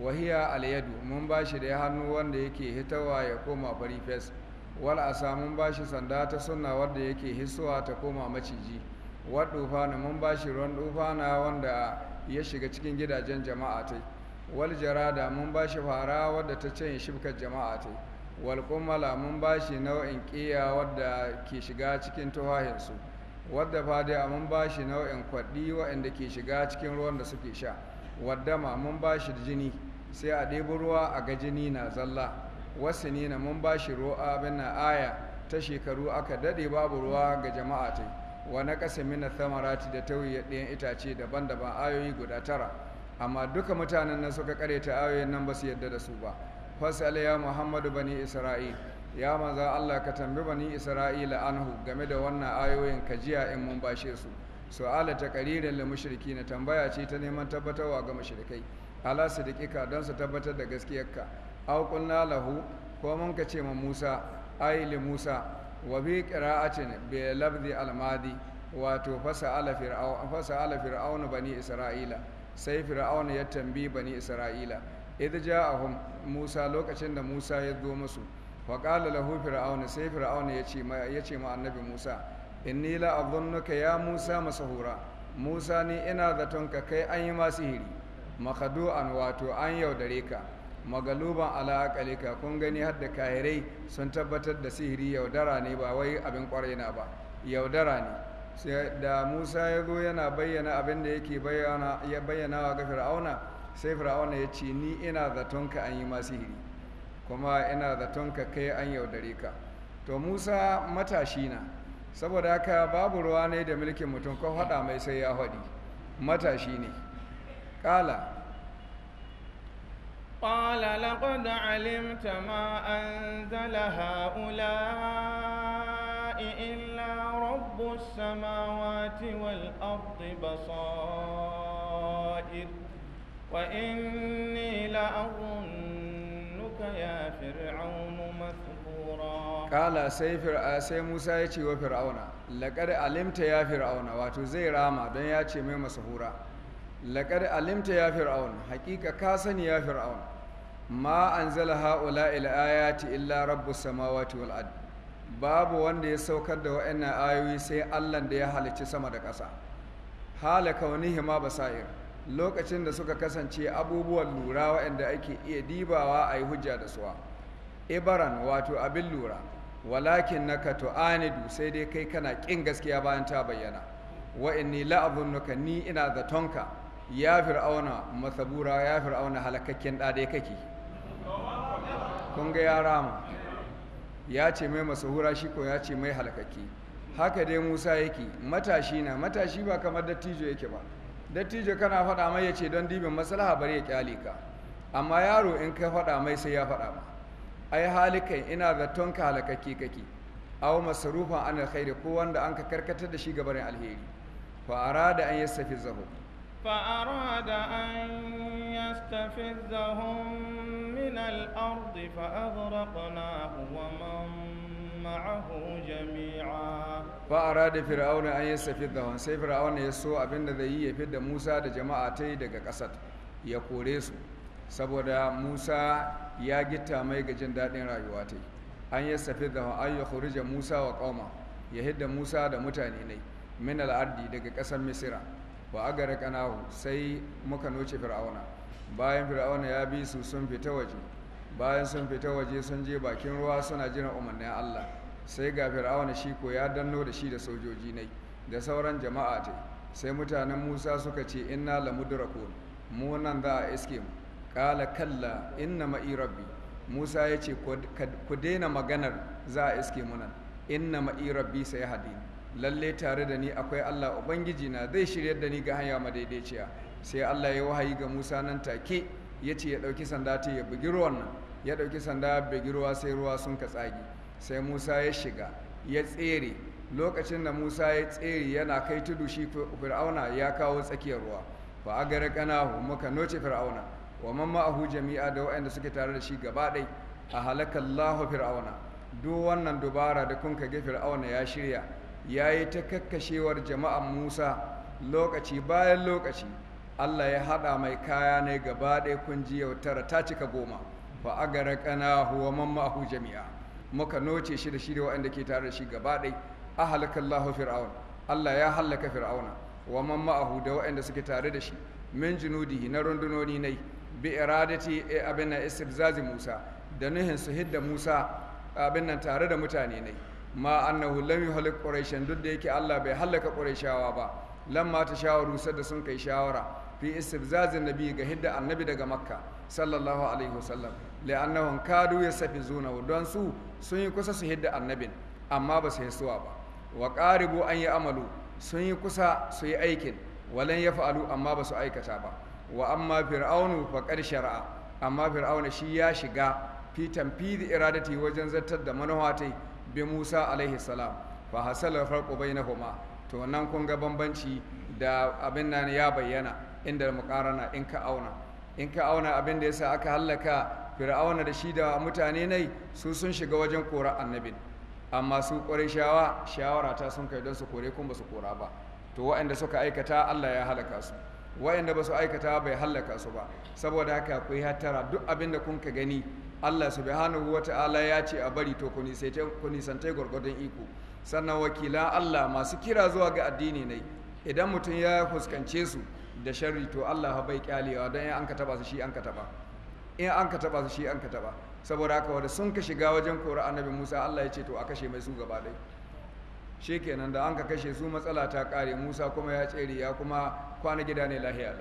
wahiya alyadu mun ba shi da hannu wanda yake hitawa ya koma bari fes wal asa mun ba shi sanda ta sunna wanda yake hisuwa ta koma maciji wad dufana mun ba shi ruwan dufana wanda ya shiga cikin gidajen jama'a tai wal jarada mun ba shi fara wadda ta canye shibkar jama'a tai walƙummala mun ba shi nau'in ƙiya wadda ke shiga cikin tuhahinsu wadda fadiya mun ba shi nau'in kwaɗi waɗanda ke shiga cikin ruwan da suke sha waddama mun ba shi jini sai a ɗebi ruwa a ga jini na zalla wasu nina mun ba shi ruwa abin na aya ta shekaru aka daɗe babu ruwa ga jama'a ta wa na ƙasa mina thamarati da tauye ɗayan itace daban-daban ayoyi guda tara amma duka mutanen nan suka ƙare ta ayoyin nan ba su yadda da su ba fasali ya muhammadu bani isra'il ya maza allah ka tambi bani Isra'il anhu game da wannan ayoyin kajiya in mun bashe su su Ala ta karirin da mushriki na tambaya ce ta neman tabbatarwa ga mushrikai ala sadiqika don su tabbatar da gaskiyarka au kunna lahu ko mun ka ce ma musa ay li musa wa bi qira'atin bi labdi al-madi wato fasa'ala fir'aun fasa'ala bani isra'ila sai fir'aun ya tambi bani isra'ila a ja'ahum musa lokacin da musa ya zo musu faƙala lahu fir'auna sai fir'auna ya ce ma annabi musa inni la adhunnuka ya musa masahura musa ni ina zaton ka kai an yi ma sihiri an wato an yaudare ka magaluban ala ka kun gani har da kahirai sun tabbatar da sihiri yaudara ne ba wai abin kwarai na ba yaudara ne da musa ya zo yana bayyana abin da yake ya bayyana ga fir'auna sai fir'auna ya ce ni ina zatonka an yi masihiri kuma ina zatonka kai an yaudare ka to musa matashi na saboda haka babu ruwa ne da mulkin mutum ko haɗa mai sai ya haɗi matashi ne ƙala قال لقد علمت ما أنزل هؤلاء إلا رب السماوات والأرض بصائر وإني لأظنك يا فرعون مثبورا قال سي فرع سي موسى يتي وفرعون لقد علمت يا فرعون واتو زي راما دون ياتي ميما سهورا لقد علمت يا فرعون حقيقة كاسن يا فرعون ما أنزل هؤلاء الآيات إلا رب السماوات والأرض babu wanda ya saukar da wa'annan ayoyi sai Allah da ya halicci sama da ƙasa halaka wani hima basair lokacin da suka kasance abubuwan lura waɗanda ake iya dibawa a yi hujja da suwa ibaran wato abin lura walakin na ka tu'anidu sai dai kai kana ƙin gaskiya bayan ta bayyana wa inni nuka, ni ina zatonka ya fir'auna masabura ya fir'auna halakakken ɗa dai kake kun ga ya rama ya ce mai masahura shi ko ya ce mai halakakke haka dai musa yake matashi na matashi ba kamar dattijo yake ba dattijo kana faɗa mai ya ce don dibin maslaha bari ya kyale ka amma yaro in ka faɗa mai sai ya faɗa ma ai halikai ina zaton ka halakaki kake aw masrufan an alkhairi ko wanda an ka karkatar da shi ga barin alheri fa arada an yastafizahu fa arada an yastafizahum min al-ardi fa aghraqnahu wa man fir'auna an sai معه جميعا فأراد فرعون أن yi ya fi da Musa da jama'a ta yi daga ƙasar ya kore su, saboda Musa ya gita mai ga jin daɗin rayuwa ta an yi safi da an yi khurija Musa wa ƙauma ya hidda Musa da mutane ne min al'ardi daga ƙasar Misira wa agara kanahu sai muka noce fir'auna bayan fir'auna ya bi su sun fita waje bayan sun fita waje sun je bakin ruwa suna jiran umarnin Allah sai ga fir'auna shi ko ya danno da shi da sojoji nai. da sauran jama'a ta sai mutanen Musa suka ce inna lamudrakun mu nan za a iske mu kala kalla inna ma'i rabbi Musa ya ce ku daina maganar za a iske mu nan inna ma'i rabbi sai hadi lalle tare da ni akwai Allah Ubangiji na zai shirya da ni ga hanya madaidaiciya sai Allah ya wahayi ga Musa nan take ya ce ya ɗauki sanda ta ya bugi ruwan nan ya ɗauki sanda bigi ruwa sai ruwa sun ka tsage sai musa ya shiga ya tsere lokacin da musa ya tsere yana kai tudu shi fir'auna ya kawo tsakiyar ruwa fa agara kanahu muka noce fir'auna wa man ma'ahu jami'a da waɗanda suke tare da shi gaba ɗai a Allahu fir'auna duk wannan dubara da kun ga fir'auna ya shirya ya yi ta kakkashewar jama'a musa lokaci bayan lokaci allah ya haɗa mai kaya ne gaba ɗaya kun ji yau tara ta cika goma fa agaraqana huwa man ma'ahu jami'a muka noce shi da shi da waɗanda ke tare da shi gaba ɗai ahalaka Allahu fir'aun Allah ya halaka fir'auna wa man ma'ahu da waɗanda suke tare da shi min junudihi na rundunoni nai bi iradati eh, abin na istibzazi Musa da nuhin su hidda Musa abin nan tare da mutane nai ma annahu lam yuhlik quraishan duk da yake Allah bai halaka quraishawa ba lamma ta shawaru da sun kai shawara fi istibzazin nabi ga hidda annabi daga makka sallallahu alaihi wasallam la'annahum kadu yasafizuna don su sun yi kusa su hidda annabin amma ba su hisuwa ba wa qaribu an yi amalu sun yi kusa su yi aikin walan ya fa'alu amma ba su aikata ba wa amma fir'aunu faqad shar'a amma fir'auna shi ya shiga fi tanfidi iradati wajen zartar da manuhatai bi Musa alaihi salam fa hasala farqu bainahuma to nan kun ga bambanci da abin nan ya bayyana inda muqarana in ka auna in ka auna abin da ya sa aka hallaka fir'auna da shi da mutane nai su sun shiga wajen korar annabin amma su kwarai shawa shawara ta sun kai don su kore kuma su kora ba to waɗanda suka aikata Allah ya halaka su waɗanda ba su aikata bai halaka su ba saboda haka akwai hattara duk abin da kun ka gani Allah subhanahu wata'ala ya ce a bari to ku nisantai gurgurdan iko sannan wakila Allah masu kira zuwa ga addini ne idan mutum ya fuskance su da sharri to Allah bai kyalewa don in an ka taba su shi an ka taba in an ka taba su shi an ka taba saboda haka wanda sun ka shiga wajen kora annabi Musa Allah ya ce to a kashe mai su gaba dai shikenan da an ka kashe su matsala ta kare Musa kuma ya tsere ya kuma kwana gida ne lahiya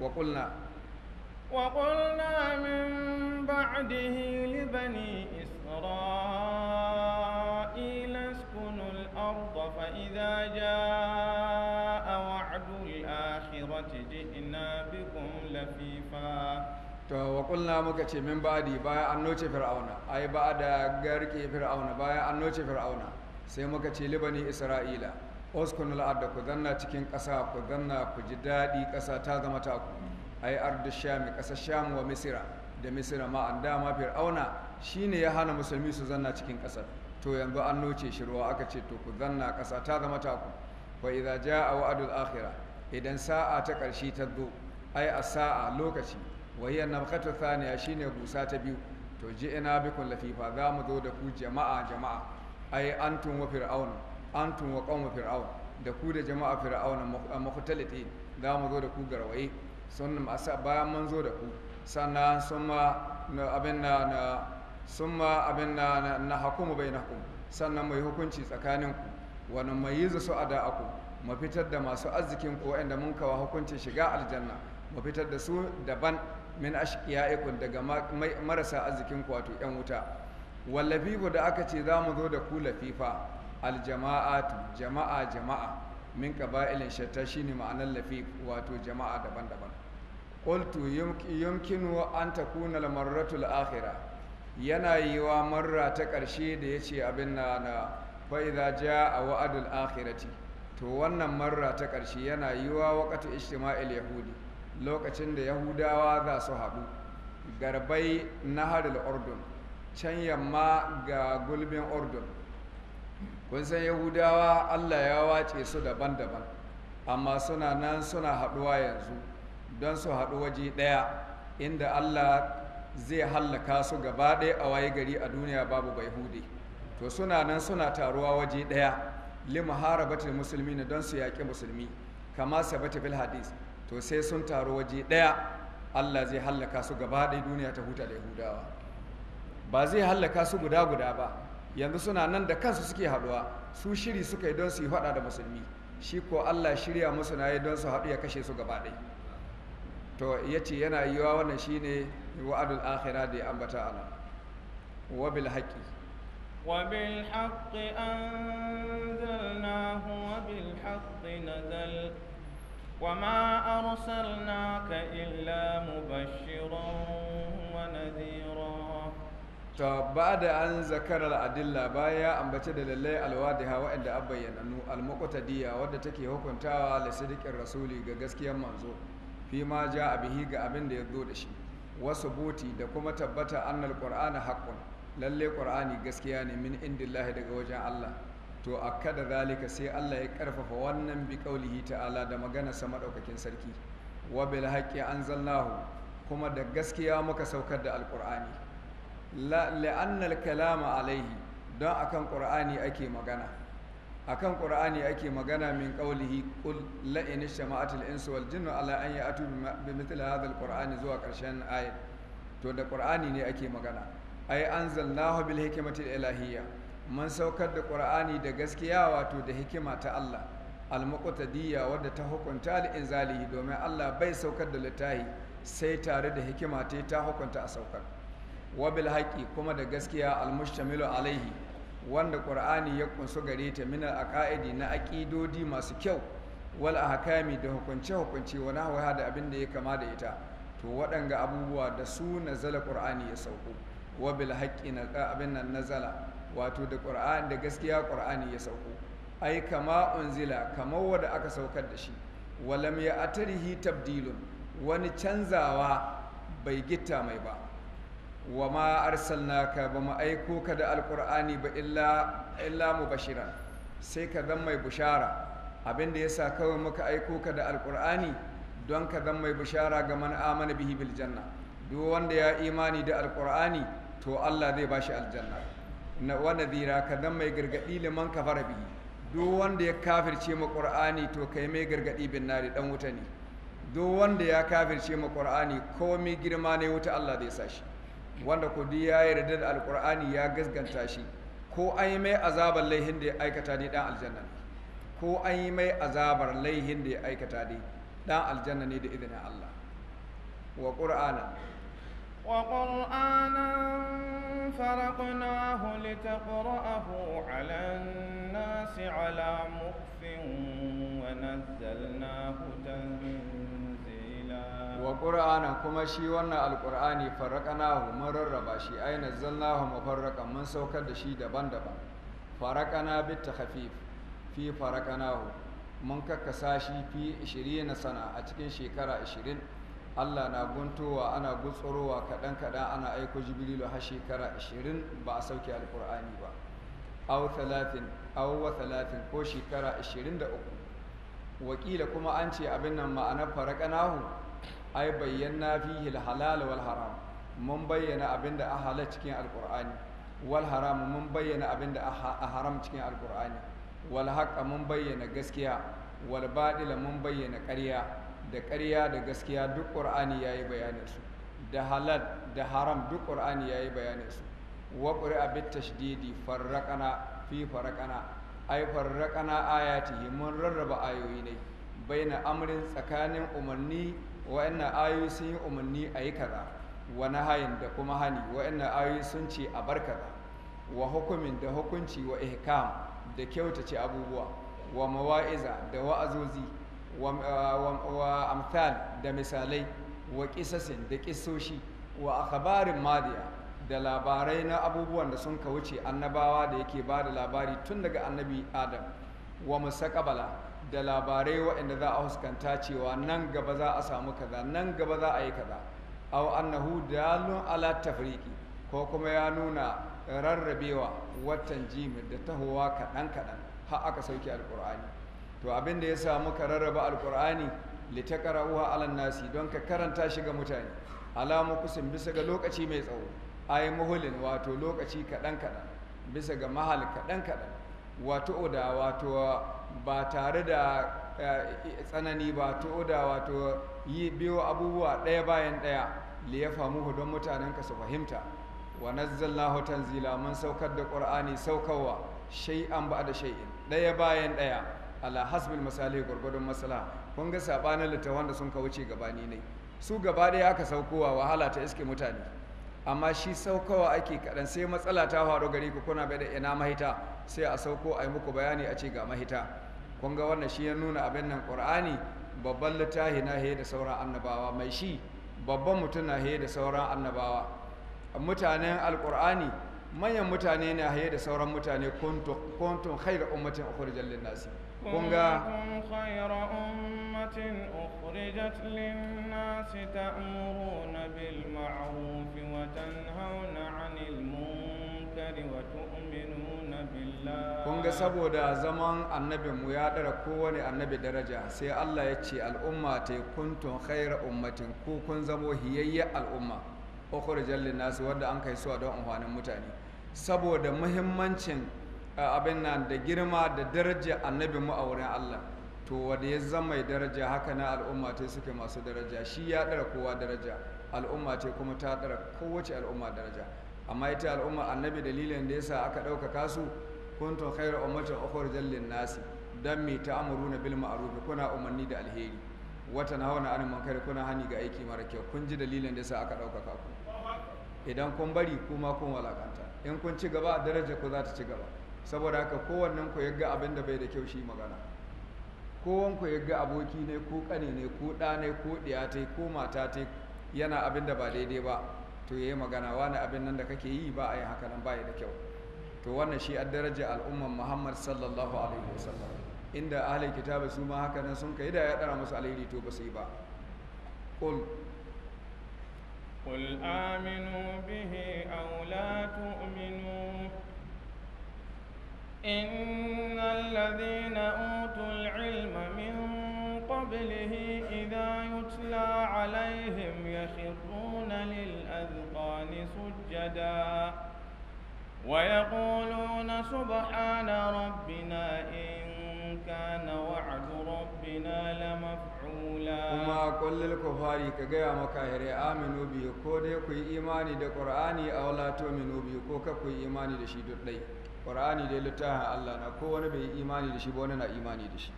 wa qulna wa min ba'dihi li bani isra'ila الأرض فإذا جاء وعد الآخرة جئنا بكم لفيفا to wa muka ce min ba'adi bayan an noce fir'auna ai ba da garke fir'auna bayan an noce fir'auna sai muka ce libani isra'ila uskun al'adda ku zanna cikin ƙasa ku zanna ku ji daɗi ƙasa ta zama taku ai ardu shami ƙasa sham wa misira da misira ma an dama fir'auna shine ya hana musulmi su zanna cikin ƙasar to yanzu an noce shi ruwa aka ce to ku zanna ƙasa ta zama taku fa idza jaa wa'dul akhirah idan sa'a ta ƙarshe ta zo ai a sa'a lokaci wa hiya nabqatu thaniya shine busa ta biyu to ji'ina bikum lafifa za mu zo da ku jama'a jama'a ai antum wa fir'aun antum wa qaum fir'aun da ku da jama'a fir'aun mukhtaliti za mu zo da ku garwaye sun bayan mun zo da ku sannan sun ma abin na sun ma abin na na hakumu bai na hukumu sannan mai hukunci tsakaninku wani mai yi su a da'aku mafitar da masu arzikin ko inda mun kawa hukunci shiga aljanna mafitar da su daban min ikon daga marasa arzikin ku wato yan wuta wallafifu da aka ce za mu zo da ku lafifa aljama'atu jama'a jama'a min qaba'ilin shatta shine ma'anar lafif wato jama'a daban-daban qultu yumkinu an takuna al-marratu al-akhirah yana yi wa marra ta ƙarshe da ya ce abin na na fa'iza ja a wa'adul akhirati to wannan marra ta ƙarshe yana yi yiwa waƙatu ishtima'il yahudi lokacin da yahudawa za su haɗu garbai na haril ordon can yamma ga gulbin ordon kun san yahudawa allah ya wace su daban-daban amma suna nan suna haɗuwa yanzu don su haɗu waje ɗaya inda allah zai hallaka su gaba ɗaya a waye gari a duniya babu bai hude to suna nan suna taruwa waje ɗaya lima harabatul musulmi na don su yaƙi musulmi kama bata fil hadis to sai sun taru waje ɗaya allah zai hallaka su gaba ɗaya duniya ta huta da yahudawa ba zai hallaka su guda guda ba yanzu suna nan da kansu suke haɗuwa su shiri suka yi don su yi faɗa da musulmi shi ko allah shirya musu na yi don su haɗu ya kashe su gaba ɗaya to ya ce yana yiwa wannan shine wa'adul akhirah da ya ambata ana wa bil haqqi wa وما أرسلناك إلا مبشرا ونذيرا to ba da an zakarar adilla baya ambace da lallai alwadiha waɗanda an bayyananu almuqtadiya wadda take hukuntawa la sadiƙin rasuli ga gaskiyar manzo fi ma ja bihi ga abinda ya zo da shi wasu buti da kuma tabbata annal qur'ana haqqun lalle qur'ani gaskiya ne min indillahi daga wajen Allah to da zalika sai Allah ya karfafa wannan bi qaulihi ta'ala da magana sa madaukakin sarki wa bil haqqi anzalnahu kuma da gaskiya muka saukar da alqur'ani la la'anna kalama alaihi don akan qur'ani ake magana akan qur'ani ake magana min qawlihi qul la in shama'atil insu wal jinnu ala an ya'tu bi mithli hadha al qur'ani zuwa karshen ayat to da qur'ani ne ake magana ai anzalnahu bil hikmati ilahiyya mun saukar da qur'ani da gaskiya wato da hikima ta Allah al muqtadiyya wadda ta hukunta al inzalihi domin Allah bai saukar da littafi sai tare da hikima ta hukunta a saukar wa bil haqi kuma da gaskiya al mushtamilu alaihi wanda ƙur'ani ya kunsu gare ta a ƙa'idi na aƙidodi masu kyau wal ahkami da hukunce hukunce wani hawa da abin da ya kama da ita to waɗanga abubuwa da su nazala ƙur'ani ya sauko wa bil haqqi na abin nan nazala wato da ƙur'ani da gaskiya ƙur'ani ya sauko ai kama unzila kamar wanda aka saukar da shi walam ya atarihi tabdilun wani canzawa bai gitta mai ba wa ma ka ba mu aiko ka da alkur'ani ba illa mu bashira sai ka zan mai bushara abinda ya sa kawai muka aiko ka da alkur'ani don ka zan mai bushara ga man amana bihi bil janna duk wanda ya imani da alkur'ani to Allah zai bashi aljanna na wa nadira ka zan mai gargadi liman kafara bihi duk wanda ya kafirce mu qur'ani to kai mai gargadi bin nari dan wuta ne duk wanda ya kafirce mu qur'ani komai girma ne wuta Allah zai sa shi wanda kudi ya yarda da alkur'ani ya gasganta shi ko an yi mai azabar laihin da ya aikata ne dan aljanna ne ko an yi mai azabar laihin da ya aikata ne dan aljanna ne da izinin Allah wa qur'ana wa qur'ana faraqnahu litaqra'ahu 'ala an-nasi 'ala mukfin wa nazzalnahu tanzila wa ƙura'anan kuma shi wannan alƙur'ani farraƙanahu mun rarraba shi ai nazzalnahu mafarraqan mun saukar da shi daban-daban farraƙana bit takhfif fi farraƙanahu mun kakkasa shi fi na sana a cikin shekara ashirin. Allah na guntowa ana gutsurowa kaɗan kaɗan ana aiko jibrilu har shekara ashirin ba a sauke alƙur'ani ba aw talatin aw wa ko shekara ashirin da uku. wakila kuma an ce abin nan ma'anar farakanahu ai bayyana fihi halal wal haram mun bayyana abinda a halal cikin alqur'ani wal haram mun bayyana abinda a haram cikin alqur'ani wal haqa mun bayyana gaskiya wal badila mun bayyana ƙarya da ƙarya da gaskiya duk qur'ani yayi bayanin su da halal da haram duk qur'ani yayi bayanin su wa qur'a bit tashdidi farraqana fi farraqana ai farraqana ayatihi mun rarraba ayoyi ne baina amrin tsakanin umarni wa'annan ayoyi sun yi umarni a yi kaza wa nahayin da kuma hani wa'annan ayoyi sun ce a bar kaza wa hukumin da hukunci wa ihkam da kyautace abubuwa wa mawa'iza da wa'azozi wa amthal da misalai wa kisasin da kisoshi wa akhbarin madiya da labarai na abubuwan da sun kawuce annabawa da yake ba da labari tun daga annabi adam wa musaqabala da labarai waɗanda za a huskanta cewa nan gaba za a samu kaza nan gaba za a yi kaza aw annahu dalun ala tafriqi ko kuma ya nuna rarrabewa watan jimi da tahowa kaɗan kaɗan har aka sauke alƙur'ani to abin da ya samu ka rarraba alƙur'ani litaqra'uha ala nasi don ka karanta shi ga mutane alamu kusin bisa ga lokaci mai tsawo ayi muhulin wato lokaci kaɗan kaɗan bisa ga mahal kaɗan kaɗan wato da wato ba tare da eh, tsanani ba to da wato yi biyo abubuwa ɗaya bayan ɗaya li ya famu don mutanen ka su fahimta wa nazzalnahu tanzila mun saukar da qur'ani saukarwa shay'an ba da shay'in ɗaya bayan ɗaya ala hasbil misali gwargwadon masala kun ga sabanin littafan da sun ka wuce gabani ne su gaba ɗaya aka saukowa wahala ta iske mutane amma shi saukawa ake kaɗan sai matsala ta faru gari ku kuna bai da ina mahita sai a sauko a yi muku bayani a ce ga mahita kun ga wannan shi ya nuna abin nan ƙur'ani babban littahi na da sauran annabawa mai shi babban mutum na da sauran annabawa mutanen alƙur'ani manyan mutane na da sauran mutane kuntum khairu ummatin ukhrijal lin nasi kunga khayra ummatin ukhrijat lin-nasi ta'muruna bil ma'ruf wa tanhauna 'anil munkari wa tu'minuna billah kunga saboda zaman annabin mu ya dara kowane annabi daraja sai Allah ya ce al'umma ta kuntun khayra ummatin ku kun zamo hiyayya al'umma ukhrijat lin-nasi wanda an kai su don amfanin mutane saboda muhimmancin Eh, abin na da girma da daraja annabi mu a wurin Allah to wanda ya zama mai daraja haka na al'umma ta suke masu daraja shi ya dara kowa daraja al'umma ce kuma ta dara kowace al'umma daraja amma ita al'umma annabi dalilin da yasa aka ɗaukaka su kuntum khayra ummatin ukhrijat lin-nasi dan mi ta'muruna bil ma'ruf kuna umarni da alheri wata nahawna anil munkar kuna hani ga aiki mara kyau kun ji dalilin da yasa aka ɗaukaka ku idan kun bari kuma kun walakanta in kun ci gaba a daraja ku za ta ci gaba saboda haka kowannen ku yaga abin da bai da kyau shi magana kowan ku yaga aboki ne ko kane ne ko da ne ko diya tai ko mata tai yana abin da ba daidai ba to yayi magana wani abin nan da kake yi ba a yi haka nan ba da kyau to wannan shi a daraja al'umman muhammad sallallahu alaihi wasallam inda ahli kitabi su ma haka nan sun kai da ya dara musu alheri to ba su yi ba qul qul aminu bihi aw la tu'minu إن الذين أوتوا العلم من قبله إذا يتلى عليهم يخرون للأذقان سجدا ويقولون سبحان ربنا إن كان وعد ربنا لمفعولا وما كل الكفار كجاء مكاهر آمنوا به كودي كي إيماني دا قرآني أو لا تؤمنوا به كوكا كي إيماني دا شيدو ƙur'ani dai littafin Allah na ko wani bai imani da shi ba wani na imani da shi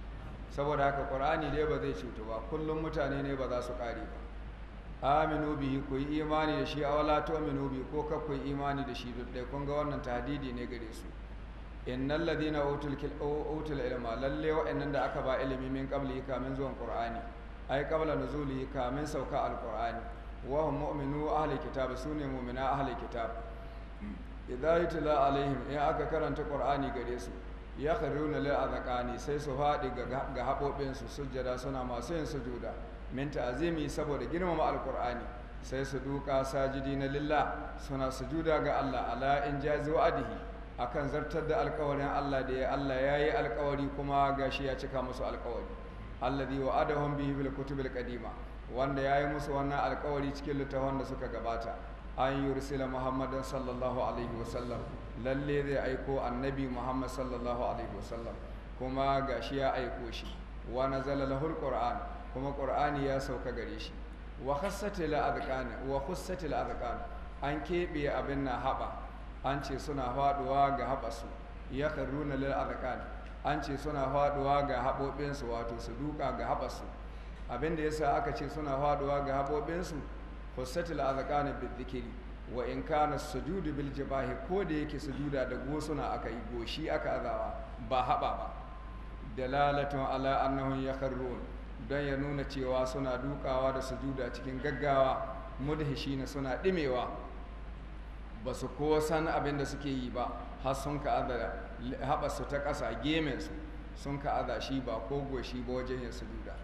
saboda haka ƙur'ani dai ba zai cutu ba kullum mutane ne ba za su ƙare ba aminu bihi ku yi imani da shi a wala aminu bihi ko ka ku yi imani da shi duk dai kun ga wannan tahdidi ne gare su innal ladina utul utul ilma lalle wa'annan da aka ba ilimi min qabli kamin zuwan qur'ani ai qabla nuzuli kamin sauka alqur'ani wa hum mu'minu ahli kitab sune mu'mina ahli kitab idza yutla alaihim in aka karanta qur'ani gare su ya kharuna lil azqani sai su fadi ga habobin su sujjada suna masu yin sujuda min ta'zimi saboda girmama alqur'ani sai su duka na lillah suna sujuda ga Allah ala in jazi wa'dihi akan zartar da alkawarin Allah da ya Allah yayi alkawari kuma gashi ya cika musu alkawari alladhi wa'adahum bihi bil kutubil qadima wanda yayi musu wannan alkawari cikin littafin da suka gabata an yursila muhammadan sallallahu alaihi wasallam lalle zai aiko annabi muhammad sallallahu alaihi wasallam kuma gashi ya aiko shi wa nazala lahul qur'an kuma qur'ani ya sauka gare shi wa khassatil adqan wa khassatil adqan an kebe abin na haba an ce suna faduwa ga su. ya karuna lil adqan an ce suna faduwa ga habobin su wato su duka ga su. abin da yasa aka ce suna faduwa ga habobin su fasatil azqana bizikri wa in kana sujudu bil jibahi ko da yake sujuda da gosuna aka yi goshi aka azawa ba haba ba dalalatun ala annahum yakharrun don ya nuna cewa suna dukawa da sujuda cikin gaggawa na suna ɗimewa ba su ko san abin da suke yi ba har sun ka haɓa su ta ƙasa gemensu sun ka aza shi ba ko goshi ba wajen ya sujuda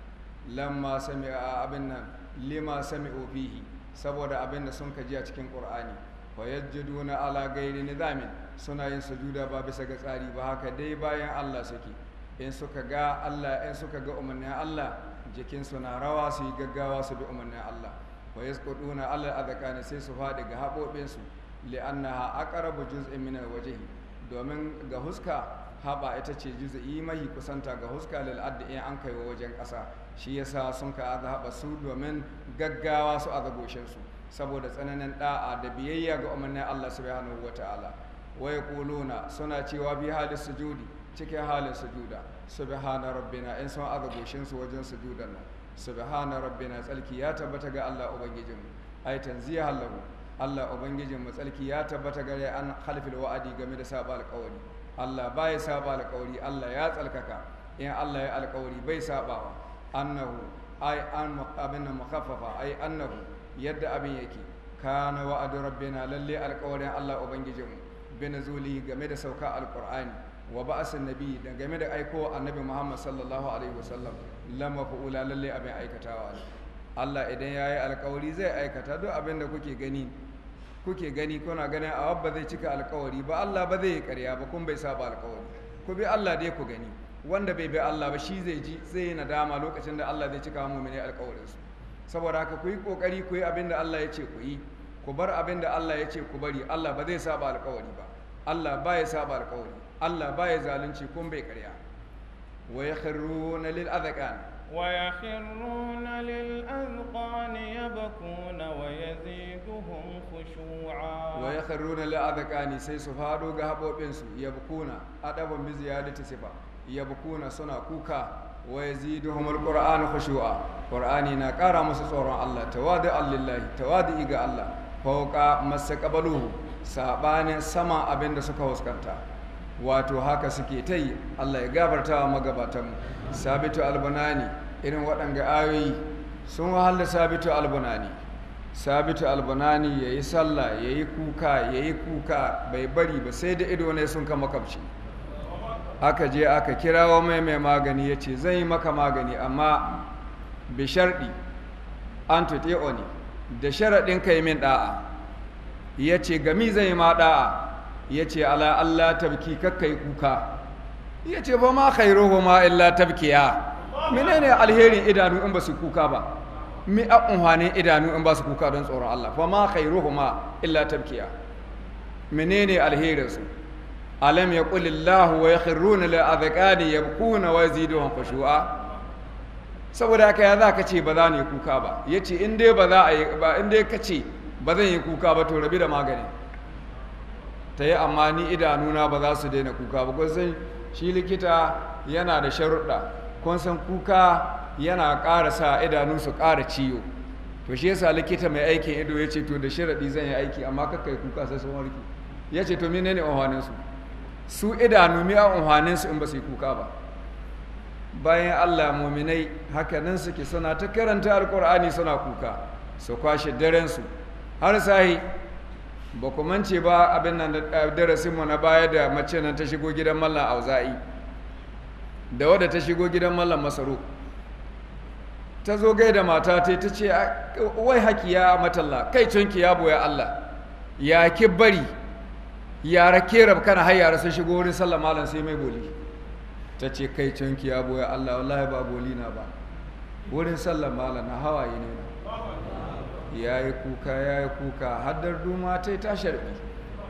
lamma a abin nan lima sami ofihi saboda abin da sun kaji a cikin Kur'ani, wa na ala ghairi nizamin suna yin sujuda ba bisa ga tsari ba haka dai bayan Allah suke in suka ga Allah in suka ga umarnin Allah jikinsu na rawa su yi gaggawa su bi umarnin Allah wa na a adqani sai su faɗi ga haɓoɓinsu li'annaha aqrabu juz'in min alwajhi domin ga huska haɓa ita ce juz'i mai kusanta ga huska lil addi in an kai wajen ƙasa shi ya sa sun ka azaba su domin gaggawa su azaboshin su saboda tsananin da'a da biyayya ga umarnin Allah subhanahu wataala wa yaquluna suna cewa bi halin sujudi cikin halin sujuda subhana rabbina in sun azaboshin su wajen sujudan nan subhana rabbina tsalki ya tabbata ga Allah ubangijin ai tanziya hallahu Allah ubangijin mu tsalki ya tabbata gare an halfil wa'adi game da saba alƙawari Allah baya saba alƙawari Allah ya tsalkaka in Allah ya alƙawari bai sabawa annahu ai an abin nan mukhaffafa ai annahu yadda abin yake kana wa'adu rabbina lalle alƙawarin Allah Ubangijin, binazuli game da sauka alqur'ani wa ba'asin nabi da game da aiko annabi Muhammad sallallahu alaihi wasallam lama fu'ula lalle abin aikatawa Allah idan yayi alƙawari zai aikata duk abin da kuke gani kuke gani kuna ganin a wabba zai cika alƙawari ba Allah ba zai yi karya ba kun bai saba alƙawari ku bi Allah dai ku gani wanda bai bi Allah ba shi zai ji zai yi nadama lokacin da Allah zai cika mu'mini alƙawarinsu saboda haka ku yi ƙoƙari ku yi abin da Allah ya ce ku yi ku bar abin da Allah ya ce ku bari Allah ba zai saba alƙawari ba Allah ba ya saba alƙawari Allah ba ya zalunci kun bai karya wa ya na lil Wa wa Wa ya ya ya ya na na lil bakuna, adqan ويخرون للأذقان يبكون ويزيدهم خشوعا ويخرون للأذقان سيسفادو غابو بنسو يبكون أدب بزيادة سفا yabkuna suna kuka wa yaziduhumul qur'anu khushu'a qur'ani na kara musu tsoron Allah tawadu allillahi tawadu ga Allah fauka masaqabaluhu sabanin sama abinda suka huskanta wato haka suke ta yi Allah ya gafarta wa magabatanmu sabitu albunani irin waɗanga ayoyi sun wahala sabitu albunani sabitu albunani ya yi sallah ya yi kuka ya yi kuka bai bari ba sai da ido ne sun kama kamshi aka je aka kirawo mai mai magani ya ce zan yi maka magani amma bisharɗi an tuɗe oni da sharaɗin ka yi min ɗa'a ya ce gami zai yi ma ɗa'a ya ce ala Allah tabki kakkai kuka ya ce ba ma khairuhu ma illa tabkiya menene alherin idanu in ba su kuka ba mi a unhanin idanu in ba su kuka don tsoron Allah fa ma khairuhu ma illa tabkiya menene alherin su alam ya kulillahu wa ya khirruna lil azqani yabkuna wa yaziduhum khushu'a saboda haka ya za ka ce ba za ni kuka ba ya ce in dai ba za a yi ba in dai ka ce ba zan yi kuka ba to rabi da magani ta yi amma ni idanuna ba za su daina kuka ba kun san shi likita yana da sharuɗa kun san kuka yana ƙara sa idanu su ƙara ciwo to shi yasa likita mai aikin ido ya ce to da sharaɗi zan yi aiki amma kakkai kuka sai sun warke ya ce to menene amfanin su su idanu miya amfanin su in ba su yi kuka ba bayan Allah muminai nan suke suna ta karanta alkur'ani suna kuka su kwashe daren su har sahi ba ku mance ba abin nan da eh, darasin mu na baya da mace nan ta shigo gidan mallam auza'i da wadda ta shigo gidan mallam masaru ta zo gai da mata ta ta ce wai haki ya matalla kai cunki ya boye Allah ya ki bari yara kerab kana har yara sun shigo wurin sallah malam sai mai boli ta ce kai canki ya boye Allah wallahi ba boli na ba wurin sallah malam na hawaye ne na ya yi kuka ya yi kuka haddar duma ta ta sharbi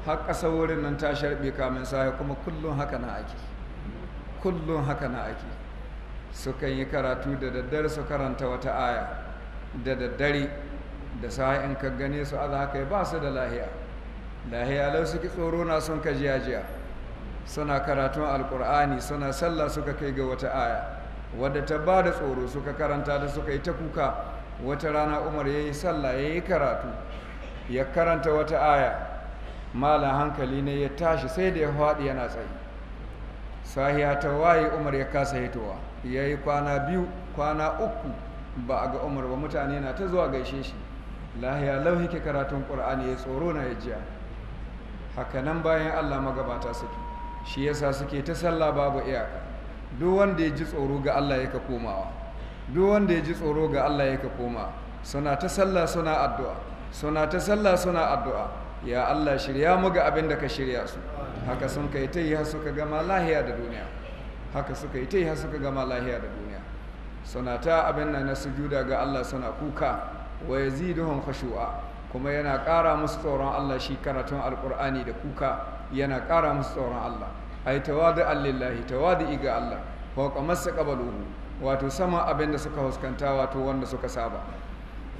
har ƙasa wurin nan ta sharbi kamin sahi kuma kullum haka na ake kullum haka na ake sukan yi karatu da daddare su karanta wata aya da daddare da sahi in ka gane su Allah haka ba su da lahiya lahiyalau suke tsoro na sun ka jiya jiya suna karatun alkur'ani suna sallah suka kai ga wata aya wadda ta ba da tsoro suka karanta da suka yi ta kuka wata rana umar ya yi sallah ya yi karatu ya karanta wata aya malam hankali ne ya tashi sai da ya faɗi yana tsayi sahiya ta waye umar ya kasa hitowa ya yi kwana biyu kwana uku ba a ga umar ba mutane na ta zuwa gaishe shi lahiya ke karatun ƙur'ani ya tsoro na ya jiya hakanan bayan allah magabata suke shi yasa suke ta sallah babu iyaka duk wanda ya ji tsoro ga allah yaka komawa duk wanda ya ji tsoro ga allah ka koma suna ta sallah suna addu'a suna ta sallah suna addu'a ya allah shirya mu ga abin da ka shirya su haka sun kai ta yi suka gama lahiya da duniya haka suka yi ta yi suka gama lahiya da duniya suna ta abin nan na sujuda ga allah suna kuka wa yazidhum khushu'a kuma yana ƙara musu tsoron Allah shi karatun alƙur'ani da kuka yana ƙara musu tsoron Allah ai tawadu allillahi tawadu iga Allah fawqa masa qabaluhu wato sama abin da suka huskanta wato wanda suka saba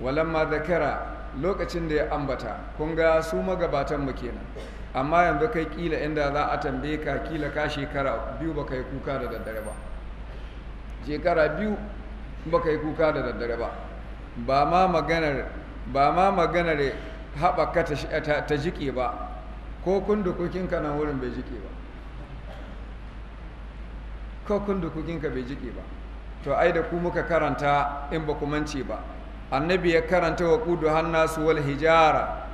walamma zakara lokacin da ya ambata kun ga su magabatan mu kenan amma yanzu kai kila inda za a tambaye ka kila ka shekara biyu baka yi kuka da daddare ba shekara biyu baka yi kuka da daddare ba ba ma maganar ba ma maganar haɓaka ta jiƙe ba ko kundukukinka nan wurin bai jiƙe ba ko kundukukinka bai jiƙe ba to ai da ku muka karanta in ba ku ba annabi ya karanta wa kudu hannasu wal hijara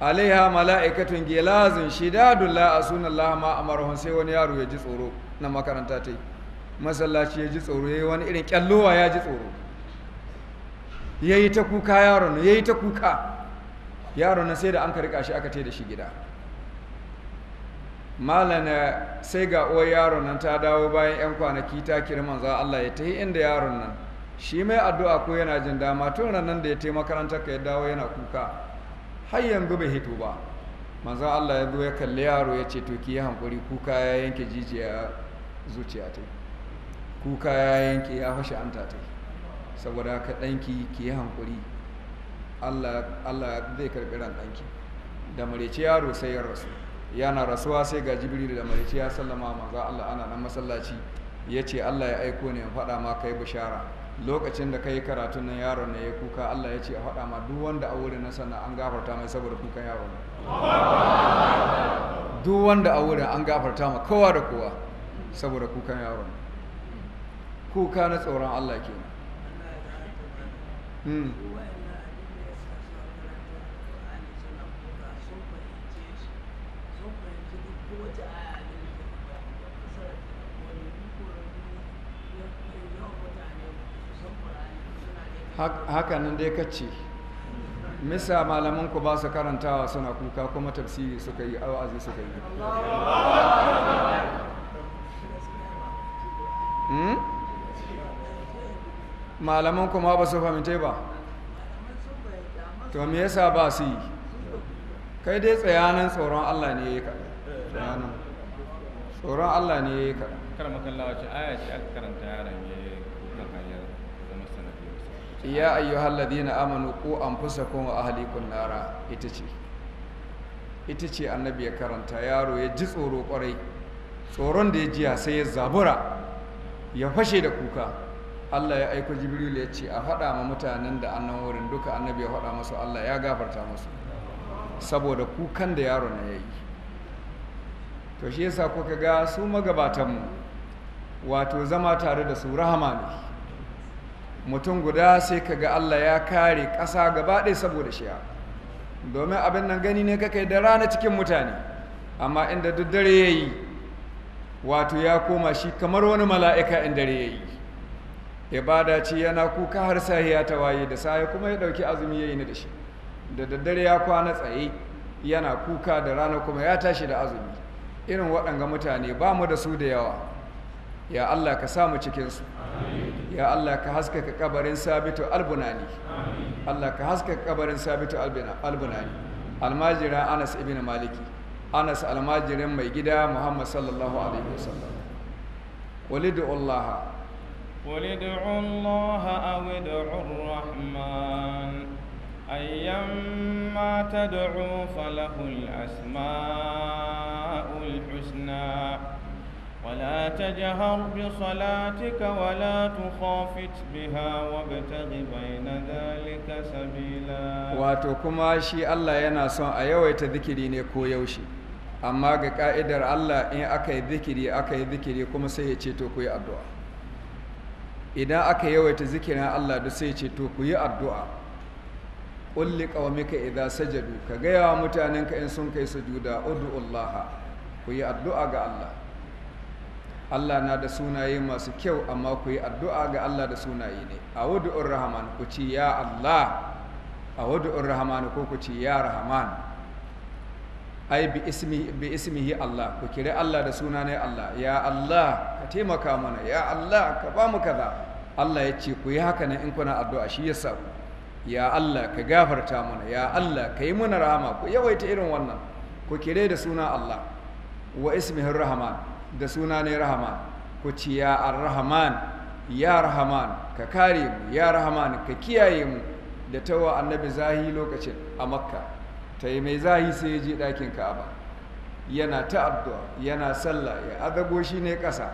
alaiha mala'ikatun gilazin shidadun la'a sunan lahama a marahun sai wani yaro ya ji tsoro na makaranta ta yi masallaci ya ji tsoro ya yi wani irin kyallowa ya ji tsoro ya yi ta kuka yaron ya yi ta kuka yaron na sai da an karika shi aka te da shi gida malana eh, sai ga uwar yaron nan ta dawo bayan 'yan kwanaki ta kira manzan Allah ya tahi inda yaron nan shi mai addu'a ko yana jin dama tun nan da ya te makarantar ka ya dawo yana kuka har yanzu bai hito ba manzo Allah ya zo ya kalli yaro ya ce to ki yi hankuri kuka ya yanke jijiya zuciya ta kuka ya yanke ya fashe anta ta saboda ka ɗanki ki yi hankuri allah zai karɓi ran ɗanki da marici yaro sai ya rasu yana rasuwa sai ga jibril da marici ya sallama manzo allah ana nan masallaci ya ce allah ya aiko ne in faɗa ma kai bishara lokacin da ka yi karatun nan yaron ne ya kuka allah ya ce a faɗa ma duk wanda a wurin na sannan an gafarta mai saboda kukan yaron duk wanda a wurin an gafarta ma kowa da kowa saboda kukan yaron kuka na tsoron allah kenan haka nan dai kace misa malaman ku ba su karantawa suna kuka kuma tafsiri suka yi awazi suka yi hmm? malaman kuma ba su fahimta ba to me yasa ba su yi kai dai tsayanan tsoron Allah ne yi kaɗan tsayanan tsoron Allah ne yayi kaɗan kar makalla wace aya ce aka karanta yaran ya kuka hanyar zama sanadiyar ya ayyuhal ladina amanu qu anfusakum wa ahlikum nara ita ce ita ce annabi ya karanta yaro ya ji tsoro kwarai tsoron da ya jiya sai ya zabura ya fashe da kuka Allah ya aiko Jibril ya ce a faɗa ma mutanen da annan wurin duka annabi ya faɗa musu Allah ya gafarta musu saboda kukan da yaro na yayi to shi yasa kuka ga su mu wato zama tare da su rahama ne mutum guda sai ka ga Allah ya kare ƙasa gaba ɗaya saboda shiya domin abin nan gani ne kakai da rana cikin mutane amma inda duk dare yayi wato ya koma shi kamar wani mala'ika in dare yayi ibada ce yana kuka har sai ya tawaye da sahi kuma ya ɗauki azumi ya yi ni da shi da daddare ya kwana tsaye yana kuka da rana kuma ya tashi da azumi irin waɗanga mutane ba mu da su da yawa ya Allah ka samu cikinsu ya Allah ka haskaka kabarin sabitu albunani Allah ka haskaka kabarin sabitu albunani Almajira anas ibn maliki anas almajirin mai gida muhammad sallallahu alaihi wasallam walidu قل ادعوا الله أو ادعوا الرحمن أيما تدعوا فله الأسماء الحسنى ولا تجهر بصلاتك ولا تخافت بها وابتغ بين ذلك سبيلا واتو كما شي الله يناسون أيوة تذكريني كو يوشي ne ko yaushe amma ga ka'idar Allah in aka yi zikiri aka zikiri kuma sai ya ce to ku yi addu'a idan aka yawaita zikirin Allah da sai ce to ku yi addu'a Kulli ƙawamika idza sajadu ka gaya wa mutanenka in sun kai sujuda Allah ku yi addu'a ga Allah Allah na da sunaye masu kyau amma ku yi addu'a ga Allah da sunaye ne a wadu'ur rahman ku ci ya Allah a wadu'ur rahman ko ku ci ya rahman ai bi ismi bi ismihi Allah ku kire Allah da suna ne Allah ya Allah ka taimaka mana ya Allah ka ba mu kaza Allah ya ce ku yi haka ne in kuna addu'a shi ya sa ya Allah ka gafarta mana ya Allah ka yi mana rahama ku yawaita irin wannan ku kire da suna Allah wa ismihir rahman da suna ne rahman ku ci ya arrahman ya rahman ka kare mu ya rahman ka kiyaye mu da tawa annabi zahi lokacin a makka ta yi mai zahi sai ya je ɗakin ka'aba yana ta addu'a yana sallah ya adago shi ne ƙasa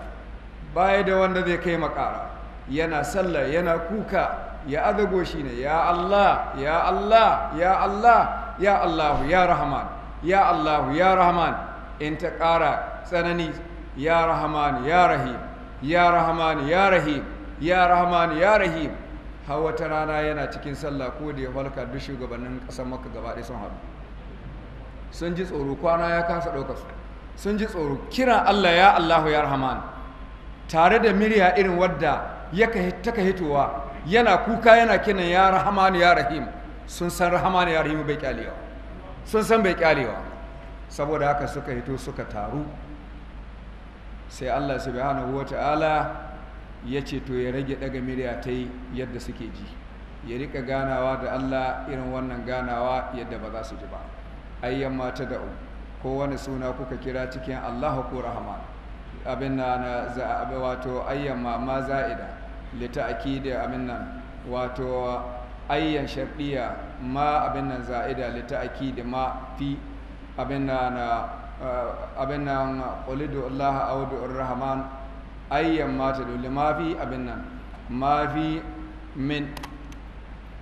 baya da wanda zai kai makara yana sallah yana kuka ya agago shi ne ya Allah ya Allah ya Allah ya Allahu ya Rahman ya Allahu ya Rahman in ta ƙara tsanani ya Rahman ya Rahim ya Rahman ya Rahim ya Rahman ya Rahim har wata rana yana cikin sallah ko da ya falka duk shugabannin ƙasar maka gaba ɗaya sun haɗu sun ji tsoro kwana ya kasa ɗaukar su sun ji tsoro kiran Allah ya Allahu ya Rahman tare da murya irin wadda ya ka hitowa yana kuka yana kinan ya rahamanu ya rahim sun san rahamanu ya rahim bai kyalewa sun san bai kyalewa saboda haka suka hito suka taru sai Allah subhanahu wata'ala ya ce to ya rage daga miliya ta yadda suke ji ya rika ganawa da Allah irin wannan ganawa yadda ba za su ji ba ayyan mata da ko wani suna kuka kira cikin Allah ko rahma abin na na wato ayyan ma za'ida da abin nan wato ayyan shardiya ma abin nan za'ida da ma fi abin nan abin allaha qulidu allah audu rahman ayyan mata dole ma fi abin nan ma fi min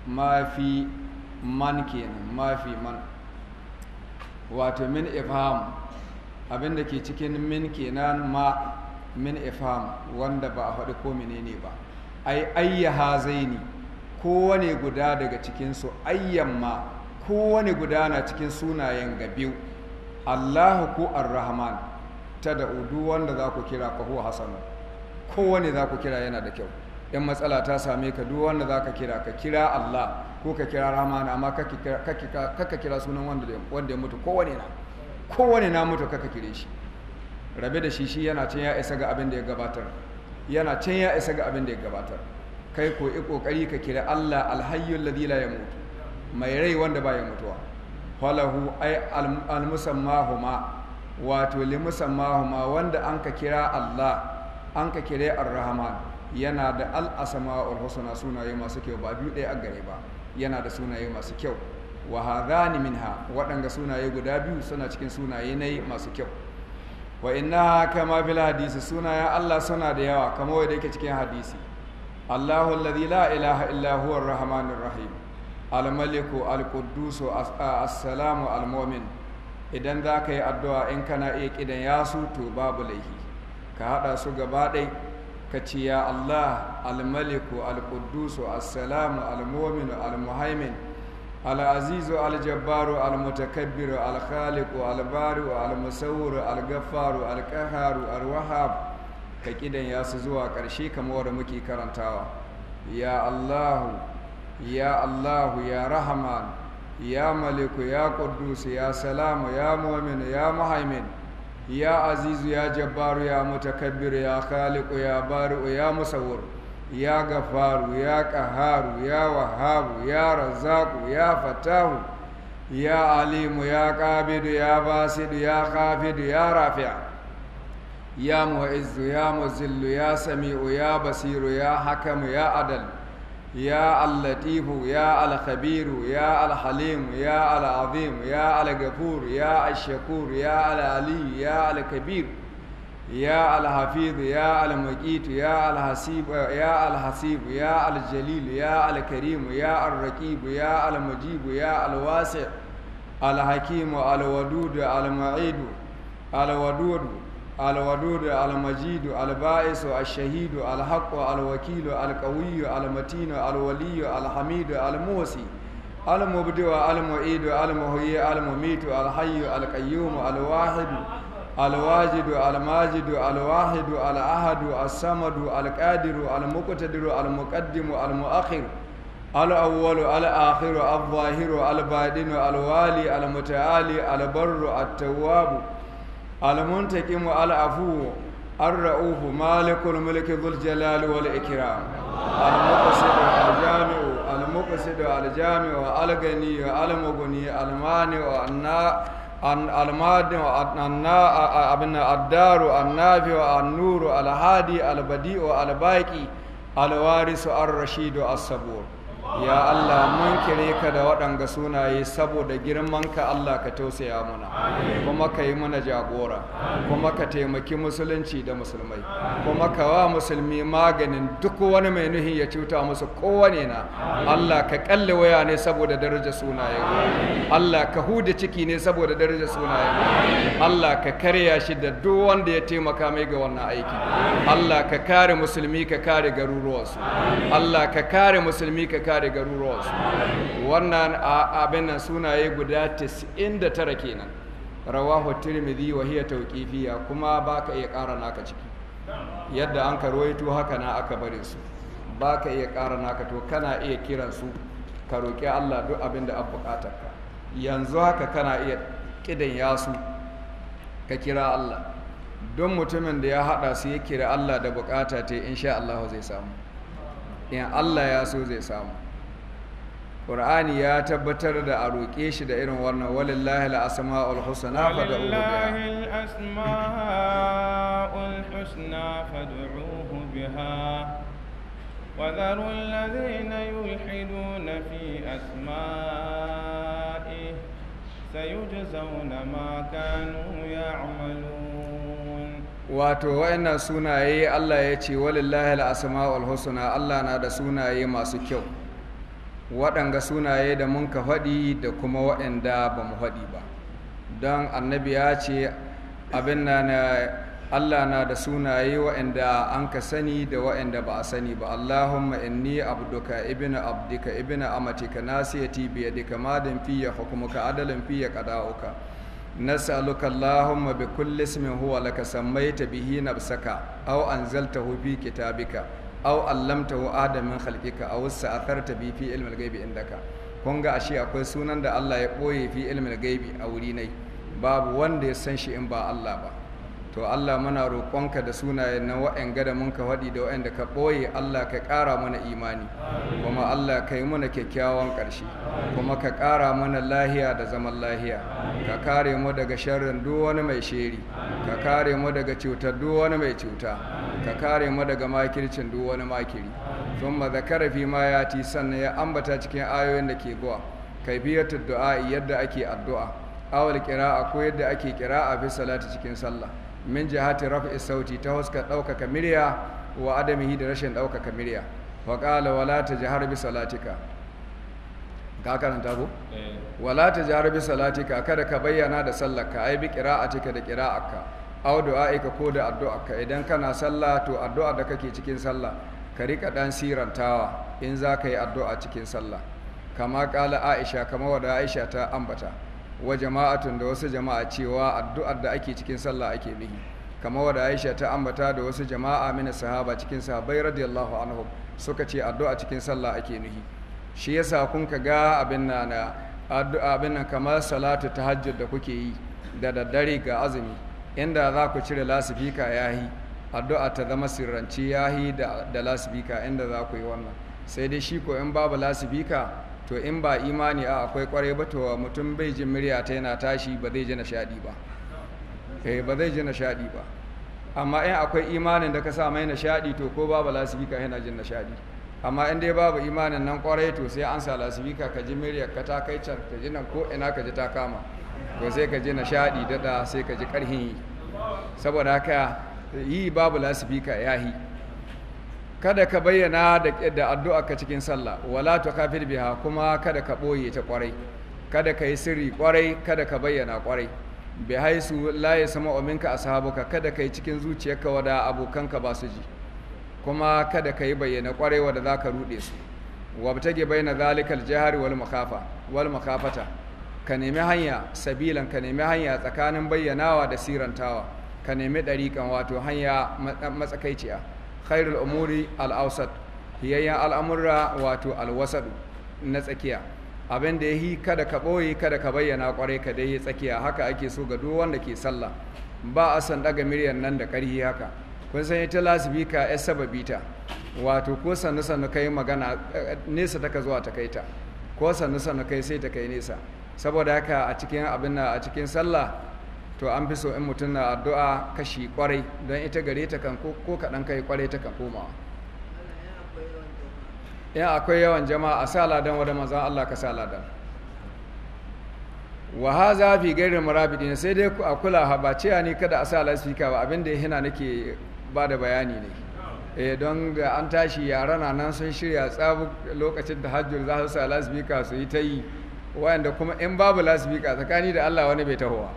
ma fi man kenan ma fi man wato min ifham abin da ke cikin min kenan ma min ifham wanda ba a faɗi ko menene ba ai ha zaini kowane guda daga cikinsu ayyamma kowane guda na cikin sunayen ga biyu allahu ko arrahman ta da udu wanda za ku kira fahu hasanu kowane za ku kira yana da kyau 'yan matsala ta same ka duk wanda za ka kira ka kira allah ko ka kira rahman amma kaka kira sunan wanda ya mutu kowane na kowane na mutu kaka kire shi rabe da shi shi yana cin ya isa ga abin da ya gabatar yana can ya isa ga abin da ya gabatar kai ko yi kokari ka kira Allah alhayyul ladhi la mutu mai rai wanda ba ya mutuwa falahu ay huma wato limusammahuma wanda an ka kira Allah an ka kira ar yana da al-asma'ul husna sunaye masu kyau ba biyu ɗaya a gare ba yana da sunaye masu kyau wa hadhani minha waɗanga sunaye guda biyu suna cikin sunaye nai masu kyau wa inna kama fil hadisi ya Allah suna da yawa kamar wanda yake cikin hadisi Allahu alladhi la ilaha illa huwa ar-rahmanur rahim al-maliku al-quddus as-salamu al-mu'min idan za ka yi addu'a in kana iya kidan yasu to babu laihi ka hada su gaba ɗai ka ce ya Allah al-maliku al-quddus as-salamu al-mu'min al-muhaimin al maliku al quddus as salamu al mumin al muhaimin al العزيز الجبار المتكبر الخالق البارئ المصور الغفار القهار الوهاب kakidan ya su zuwa ƙarshe kamar wanda muke karantawa ya Allahu ya Allahu ya Rahman ya Maliku ya Quddus ya Salamu ya Mu'min ya Muhaimin ya Azizu ya Jabbaru ya Mutakabbir ya Khaliqu ya Bari'u ya Musawwir ya gafaru ya ƙaharu ya wahabu ya razaku ya fatahu ya alimu ya ƙabidu ya basidu ya khafidu ya rafi'a ya mu'izzu ya muzillu ya sami'u ya basiru ya hakamu ya adal ya allatifu ya alkhabiru ya alhalimu ya al'azim ya algafur ya ashakur ya al'aliyu ya alkabiru ya alhafiz ya almuqit ya alhasib ya alhasib ya aljalil ya alkarim ya arraqib ya almujib ya alwasi alhakim alwadud almaid alwadud alwadud almajid alba'is alshahid alhaq alwakil alqawi almatin alwali alhamid almusi المبدع المعيد المحيي المميت الحي القيوم الواحد alwajidu almajidu alwahidu alahadu asamadu alqadiru almuqtadiru almuqaddimu almuakhiru الأول الآخر الظاهر الباطن الوالي المتعالي البر التواب المنتقم العفو الرؤوف مالك الملك ذو الجلال والإكرام المقصد الجامع المقصد الجامع الغني المغني المانع المادن ابن الدار النافع النور الهادي البديع الباقي الوارث الرشيد الصبور ya Allah mun kire ka da waɗanga sunaye saboda girmanka Allah ka tausaya mana, kuma ka yi mana jagora kuma ka taimaki musulunci da musulmai kuma ka wa musulmi maganin duk wani mai nuhi ya cuta musu kowane na Allah ka kalle waya ne saboda daraja sunaye Allah ka huda ciki ne saboda daraja sunaye Allah ka karya shi da duk wanda ya taimaka mai ga wannan aiki Allah ka kare musulmi ka kare garuruwansu Allah ka kare musulmi ka kare da garuruwansu wannan abin nan sunaye guda 99 kenan rawahu tirmidhi wa hiya tawqifiyya kuma baka iya ƙara naka ciki yadda an karwaito haka na aka bare su baka iya ƙara naka to kana iya kiran su ka roƙi Allah duk abin da an buƙatar ka yanzu haka kana iya kidan yasu ka kira Allah don mutumin da ya haɗa su ya kira Allah da bukata ta insha Allah zai samu in Allah ya so zai samu Qur'ani ya tabbatar da a roƙe shi da irin wannan walillahi al-asma'ul husna fad'uhu walillahi al-asma'ul husna fad'uhu biha wa dharu alladhina yulhiduna fi asma'ihi sayujzauna ma kanu ya'malun wato wa'annan sunaye Allah ya ce walillahi al-asma'ul husna Allah na da sunaye masu kyau waɗanga sunaye da mun ka faɗi da kuma waɗanda ba mu faɗi ba don annabi ya ce abin na Allah na da sunaye waɗanda an ka sani da waɗanda ba a sani ba Allahumma inni abduka ibnu abdika ibnu amatika nasiyati bi yadika madin fiya hukmuka adalan fiya qada'uka nas'aluka Allahumma bi kulli ismin huwa laka sammaita bihi nafsaka aw anzaltahu fi kitabika au aw allamtahu adamin a aw sa'atharta bi fi ilmin gaibi inda ka kun ga ashe akwai sunan da Allah ya ɓoye fi ilmin gaibi a wuri nai babu wanda ya san shi in ba Allah ba to Allah muna roƙonka da sunayen na wa'in gada mun ka faɗi da da ka ɓoye Allah ka ƙara mana imani kuma Allah ka yi mana kyakkyawan ƙarshe kuma ka ƙara mana lahiya da zaman lahiya ka kare mu daga sharrin duk wani mai sheri ka kare mu daga cutar duk wani mai cuta ka kare mu daga makircin duk wani makiri sun ma zakara fi ma ya ti sannan ya ambata cikin ayoyin da ke zuwa kaifiyatar du'a yadda ake addu'a awal kira'a ko yadda ake kira'a fi salati cikin sallah min jihati raf'i sauti ta huska ɗaukaka miliya wa adamihi da rashin ɗaukaka miliya wa qala wala ji bi salatika ka karanta ko eh. wala ji bi salatika kada ka bayyana da sallarka ai bi qira'atika da qira'aka aw du'aika ko da addu'arka idan kana sallah to addu'a da kake cikin sallah ka rika dan sirantawa in za ka yi addu'a cikin sallah kama kala aisha kama wada aisha ta ambata wa jama'atun da wasu jama'a cewa addu'ar da ake cikin sallah ake nihi kamar wadda aisha ta ambata da wasu jama'a mina sahaba cikin sahabbai radiyallahu anhu suka ce addu'a cikin sallah ake nihi shi yasa kun ka ga abin nan addu'a abin nan kamar salatu tahajjud da kuke yi da daddare ga azumi inda za ku cire lasifika yahi addu'a ta zama sirranci yahi da da lasifika inda za ku yi wannan sai dai shi ko in babu lasifika to in ba imani a akwai kwarai ba to mutum bai ji murya ta yana tashi ba zai ji nishadi ba eh ba zai ji nishadi ba amma in akwai imanin da ka sa mai nishadi to ko babu lasifika yana jin nishadi amma in dai babu imanin nan kwarai to sai an sa lasifika ka ji murya ka ta kai can ka ji nan ko ina ka ji ta kama to sai ka ji nishadi dada sai ka ji karhin yi saboda haka yi babu lasifika yahi kada ka bayyana da addu'a ka cikin sallah wala kafir biha kuma kada ka boye ta kwarai kada ka yi sirri kwarai kada ka bayyana kwarai bi haisu la sama minka ashabuka kada ka yi cikin zuciyarka wada abokanka ba su ji kuma kada ka yi bayyana kwarai wada za ka rude su wabtage baina zalikal jihar wal makafa wal makafata ka nemi hanya sabilan ka nemi hanya tsakanin bayyanawa da sirantawa ka nemi dariƙan wato hanya matsakaiciya khairul umuri al-awsat hiyayyan al'amurra wato alwasadu na tsakiya abin da yi kada ka ɓoye kada ka bayyana kwarai ka dai tsakiya haka ake so ga duk wanda ke sallah ba a san daga miryan nan da ƙarfi haka kun san ita lasibika ka ya sababi ta wato ko sannu sannu kai magana nesa ta ka zuwa ta kai ta ko sannu sannu kai sai ta kai nesa saboda haka a cikin abin a cikin sallah to an fi so in mutum na addu'a kashi kwarai don ita gare ta kan ko kaɗan kai kwarai ta kan komawa in akwai yawan jama'a a sa ladan wadda manzan Allah ka sa ladan wa haza fi gairin murabidi sai dai a kula ha ba cewa ni kada a sa lasfika ba abinda ya hina nake ba da bayani ne eh don ga an tashi yara na nan sun shirya tsabu lokacin da hajjul za su sa lasfika su yi ta yi wayanda kuma in babu lasfika tsakani da Allah wani bai tahowa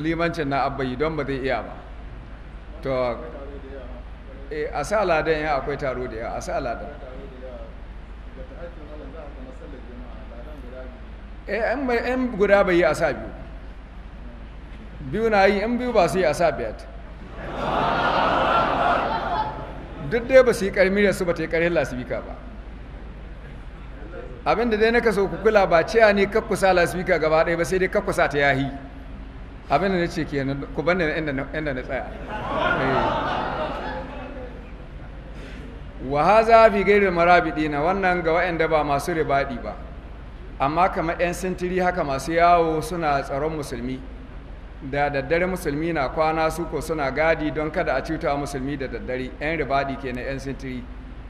limancin na abbayi don ba zai iya ba to eh, a sa aladen ya akwai taro da yawa a sa aladen yan eh, guda bai yi a sa biyu biyu na yi yan biyu ba su yi a sa biyar duk dai ba su yi karmi da su ba ta yi karin lasibika ba abinda dai na kaso ku kula ba ciya ne kakkusa lasibika gaba ɗaya ba sai dai kakkusa ta yahi abin da ce kenan ku bani inda na tsaya eh. wa haza fi gairil marabidina wannan ga waɗanda ba masu ribadi ba amma kamar 'yan sintiri haka masu yawo suna tsaron musulmi da daddare musulmi na kwana su ko suna gadi don kada a cuta musulmi da daddare 'yan ribadi ke na 'yan sintiri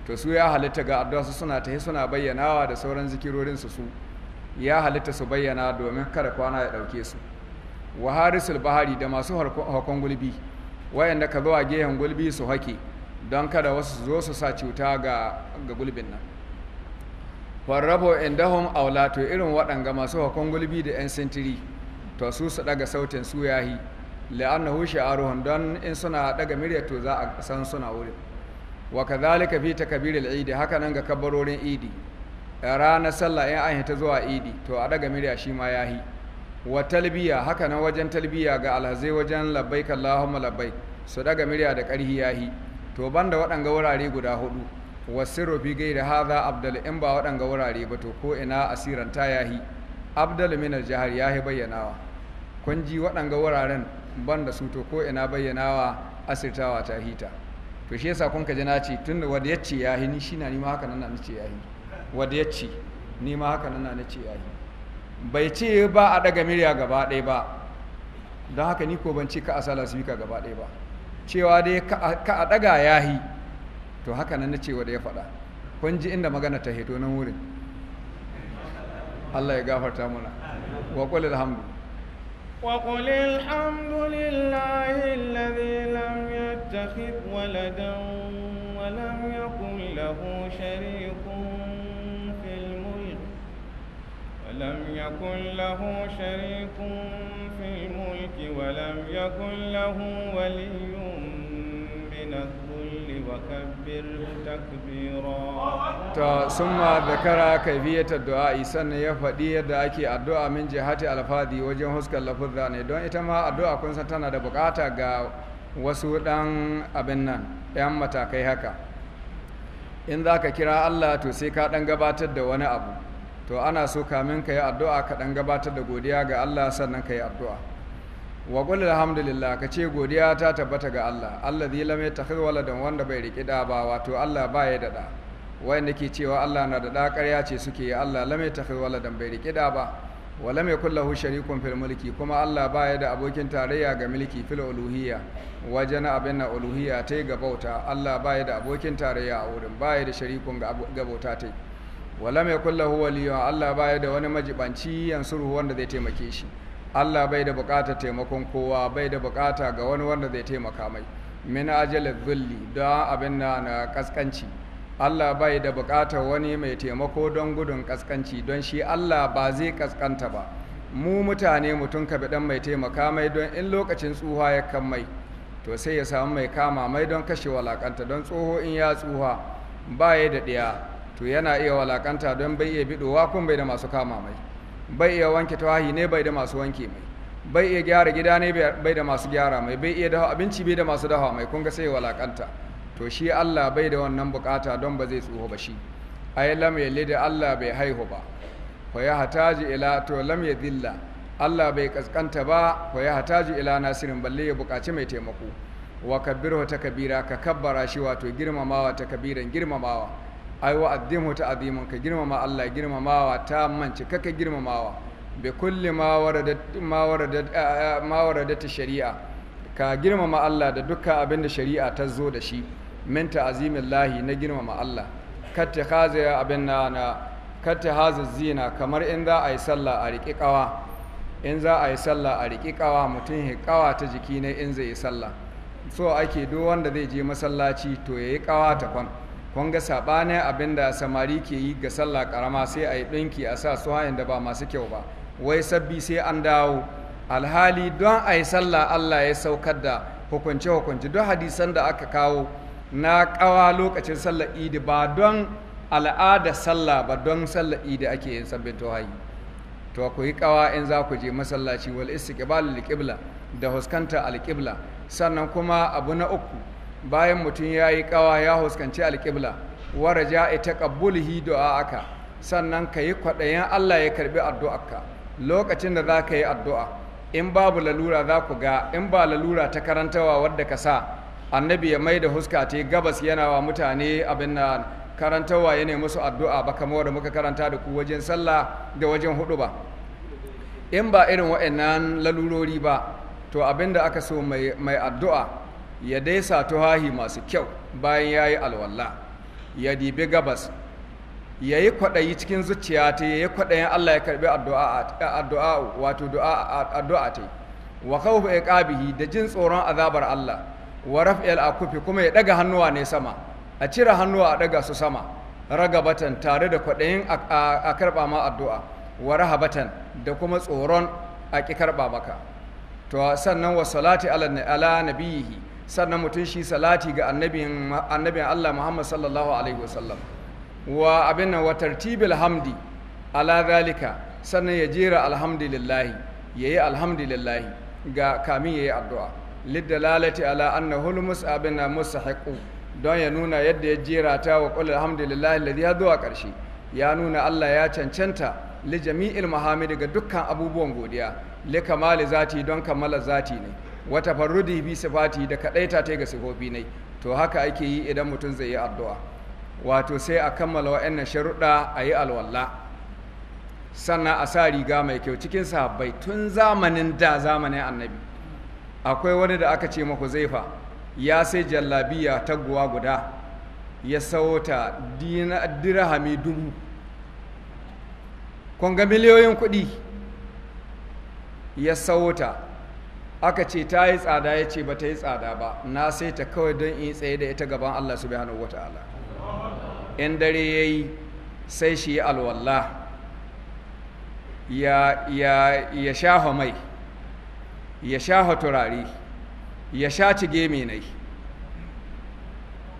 to su ya halitta ga addu'a su suna tahi suna bayyanawa da sauran zikirorinsu su ya halitta su bayyana domin kada kwana ya ɗauke su wa harisul bahari da masu hakon gulbi wayanda ka zuwa gehen gulbi su hake don kada wasu zo su sa cuta ga gulbin nan farrabo indahum aula to irin waɗanga masu hakon gulbi da 'yan sintiri to su su daga sautin su yahi hu sha'aruhum don in suna daga murya to za a san suna wurin wa kadhalika fi takbir al-eid haka nan ga kabarorin idi ranar sallah in an hita zuwa idi to a daga murya shi ma yahi wa talbiya haka na wajen talbiya ga alhazai wajen labbaik kallahu malabai su daga murya da ƙarhi yi to ban da waɗanga wurare guda hudu rufi gai da haza abdal in ba waɗanga wurare ba to ko ina asiran ta yi abdal min ya yi bayyanawa kun ji waɗanga wuraren ban da su to ko ina bayyanawa asirtawa ta hita to shi yasa kun ka ji na ce tun da wadda ya ce ni shi na nima haka nan na ce yahi wadda ya ce nima haka nan na ce yahi bai ce ba a daga murya gaba ɗaya ba don haka ni ko ban ce ka a sala speaker gaba ɗaya ba cewa dai ka a daga yahi to haka nan na cewa da ya faɗa kun ji inda magana ta heto nan wurin Allah ya gafarta mana wa qul alhamdu wa qul lillahi alladhi lam waladan wa lam yakul lahu ولم يكن له شريك في الملك ولم يكن له ولي من الذل وكبر تكبيرا to summa zakara kai biyata du'a isan ne ya faɗi yadda ake addu'a min jihati alfadi wajen huskar lafuzza ne don ita ma addu'a kun tana da bukata ga wasu dan abin nan yan matakai haka in za ka kira allah to sai ka ɗan gabatar da wani abu to ana so kamin ka yi addu'a ka dan gabatar da godiya ga Allah sannan ka yi addu'a wa qul alhamdulillah ka ce godiya ta tabbata ga Allah allazi lam yattakhidh waladan wanda bai riki da ba wato Allah ba ya dada wai ke cewa Allah na da da ƙarya ce suke yi Allah lam yattakhidh waladan bai riki da ba wa lam yakul lahu sharikun fil mulki kuma Allah ba ya da abokin tarayya ga mulki fil uluhiyya wajen abin na uluhiyya tai ga bauta Allah ba ya da abokin tarayya a wurin ba ya da sharikun ga bauta tai wala mai kulla huwa liyo Allah baya da wani majibanci yansuru wanda zai taimake shi Allah bai da bukata taimakon kowa bai da bukata ga wani wanda zai taimaka mai min ajal dhulli da abin na na kaskanci Allah bai da bukatar wani mai taimako don gudun kaskanci don shi Allah ba zai kaskanta ba mu mutane mutum ka dan mai taimaka mai don in lokacin tsuha ya kan mai to sai ya samu mai kama mai don kashe walakanta don tsoho in ya tsuha ba ya da ɗaya to yana iya walakanta don bai iya bidowa kun bai da masu kama mai bai iya wanke tawahi ne bai da masu wanke mai bai iya gyara gida ne bai da masu gyara mai bai iya dafa abinci bai da masu dafa mai kun ga sai walakanta to shi Allah bai da wannan bukata don ba zai tsoho ba shi ai lam yalida Allah bai haihu ba fa ya hataji ila to lam yadilla Allah bai kaskanta ba fa ya hataji ila nasirin balle ya bukaci mai taimako wa kabbirhu takbira ka kabbara shi wato girmamawa takbiran girmamawa ai wa addimu ta ka girmama Allah girmamawa ta manci kaka girmamawa bi kulli ma ma ma shari'a ka girmama Allah da dukkan abin da shari'a ta zo da shi min azimillahi na girmama Allah katta haza abin na na katta haza zina kamar in za a yi sallah a riƙi ƙawa in za a yi sallah a riƙi ƙawa mutum ya ƙawa ta jiki ne in zai yi sallah so ake do wanda zai je masallaci to ya yi ƙawa ta kwan kun ga sabanin abin da samari ke yi ga sallah karama sai a yi ɗinki a sa su da ba masu kyau ba wai sabbi sai an dawo alhali don a yi sallah allah ya saukar da hukunce hukunce duk hadisan da aka kawo na kawa lokacin sallar idi ba don al'ada sallah ba don sallar idi ake yin sabbin tawayi to ku yi kawa in za ku je masallaci wal istiqbal al da huskanta al sannan kuma abu na uku bayan mutum ya yi kawa ya huskanci alƙibla wara a ja'i taqabbulihi aka sannan ka yi kwaɗayin Allah ya karɓi addu'arka lokacin da za ka yi addu'a in babu lalura za ku ga in ba lalura ta karantawa wadda ka sa annabi ya mai da huska ta gabas yana wa mutane abin na karantawa ya ne musu addu'a ba kamar da muka karanta da ku wajen sallah da wajen hudu ba in ba irin waɗannan lalurori ba to abin da aka so mai addu'a ya dai sa tuhahi masu kyau bayan ya yi alwallah ya dibi gabas ya yi kwaɗayi cikin zuciya ta ya yi kwaɗayin Allah ya karɓi addu'a wato addu'a ta wa ya ƙabihi da jin tsoron azabar Allah wa a akufi kuma ya ɗaga hannuwa ne sama a cire hannuwa a ɗaga su sama ragabatan tare da kwaɗayin a karɓa ma addu'a wa rahabatan da kuma tsoron a ƙi karɓa maka to sannan wa salati ala nabiyihi sannan mutum shi salati ga annabin Allah Muhammad sallallahu alaihi wasallam wa abin nan wa tartibil hamdi ala zalika sannan ya jera alhamdulillahi yayi alhamdulillahi ga kamin yayi addu'a lidalalati ala hulmus abin na mustahiqu don ya nuna yadda ya jera ta wa qul alhamdulillahi alladhi ya zuwa karshe ya nuna Allah ya cancanta li jami'il mahamid ga dukkan abubuwan godiya li kamali zati don kammala zati ne wata farudi bi sifati da kaɗai ta ga sifofi ne to haka ake yi idan mutum zai yi addu'a wato sai a kammala wa'annan sharuɗa a yi alwala. sannan a sa riga mai kyau cikin sahabbai tun zamanin da zamanin annabi akwai wani da aka ce maku zaifa ya sai jallabiya taguwa guda ya sauta dirhami dubu kun miliyoyin kuɗi ya sauta aka ce ta yi tsada ya ce ba ta yi tsada ba na sai ta kawai don in tsaye da ita gaban Allah bihanu wa ta'ala in dare ya yi sai shi alwallah ya ya ya shafa mai ya shafa turare ya sha cige mai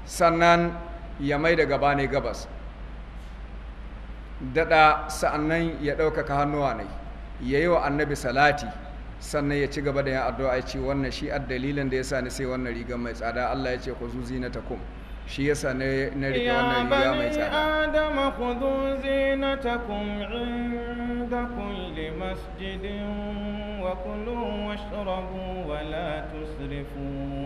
sannan ya mai da gaba ne gabas daɗa sa'annan ya ɗaukaka hannuwa ne ya yi wa annabi salati sannan ya ci gaba da yin addu'a ce wannan shi a dalilin da sa ni sai wannan riga mai tsada Allah ya ce ku zuzi zinata kum shi ya yasa na riga wannan riga mai tsada ya adama khudhu kum inda kulli masjidin wa kulu washrabu wa la tusrifu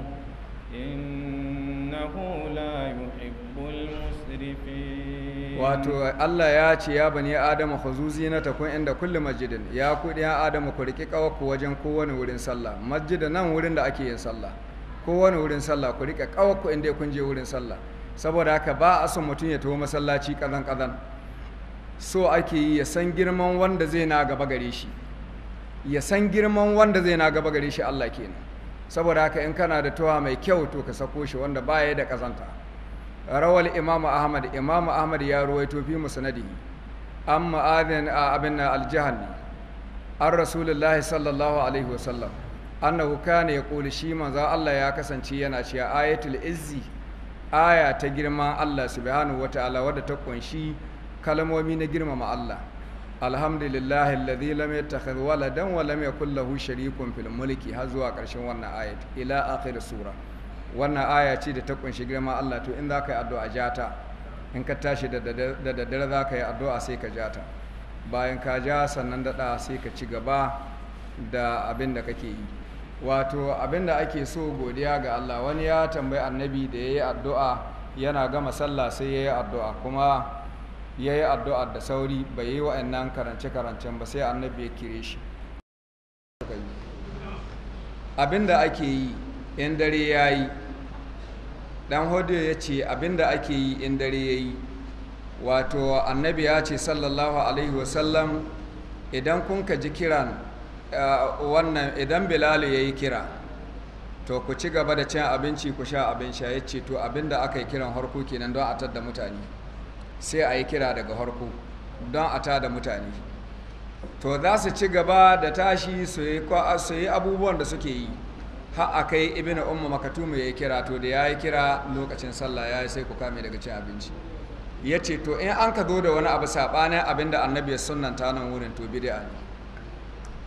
wato Allah ya ce ya bani zuzi khuzu takun inda kulli masjidin ya ku ɗiyan adama ku riƙi ku wajen kowane wurin sallah masjida nan wurin da ake yin sallah kowane wurin sallah ku riƙe ƙawarku inda kun je wurin sallah saboda haka ba a son mutum ya taho masallaci kadan kadan so ake yi ya san girman wanda zai na gaba gare shi ya san girman wanda zai na gaba gare shi Allah kenan saboda haka in kana da tuwa mai kyau to ka sako shi wanda baya da kazanta rawal imam ahmad imam ahmad ya ruwaito fi musnadihi an ma'adin abin aljahanni an rasulullahi sallallahu alaihi wasallam annahu kana ya kuli shi manzo Allah ya kasance yana cewa ayatul izzi aya ta girman Allah subhanahu wataala wadda ta kunshi kalmomi na girmama Allah alhamdulillahi alladhi lam yattakhidh waladan wa lam yakul lahu sharikun fil mulki har zuwa karshen wannan ayat ila akhir sura wannan aya ce da ta kunshi girma Allah to in za ka yi addu'a jata in ka tashi da daddare za ka yi addu'a sai ka jata bayan ka ja sannan da sai ka ci gaba da abin da kake yi wato abin da ake so godiya ga Allah wani ya tambayi annabi da yayi addu'a yana gama sallah sai yayi addu'a kuma ya yi addu'a da sauri bai yi wa'annan karance-karancen ba sai annabi ya kire shi abinda ake yi in dare ya yi dan hudu ya ce abinda ake yi in dare ya yi wato annabi ya ce sallallahu alaihi wasallam idan kun ka ji kiran wannan idan bilal ya yi kira to ku ci gaba da cin abinci ku sha abin sha ya ce to abinda aka yi kiran harko kenan don a tadda mutane sai a yi kira daga harko don a tada mutane to za su ci gaba da tashi su yi abubuwan da suke yi ha a kai ibina umma makatumu ya yi kira to da ya yi kira lokacin sallah ya yi sai ku kame daga cin abinci ya ce to in an ka zo da wani abu saɓanin abin da annabi ya ta nan wurin to bid'a ne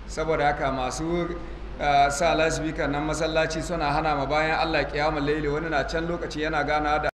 saboda haka masu sa lasbika nan masallaci suna hana ma bayan allah kiyama laili wani na can lokaci yana gana da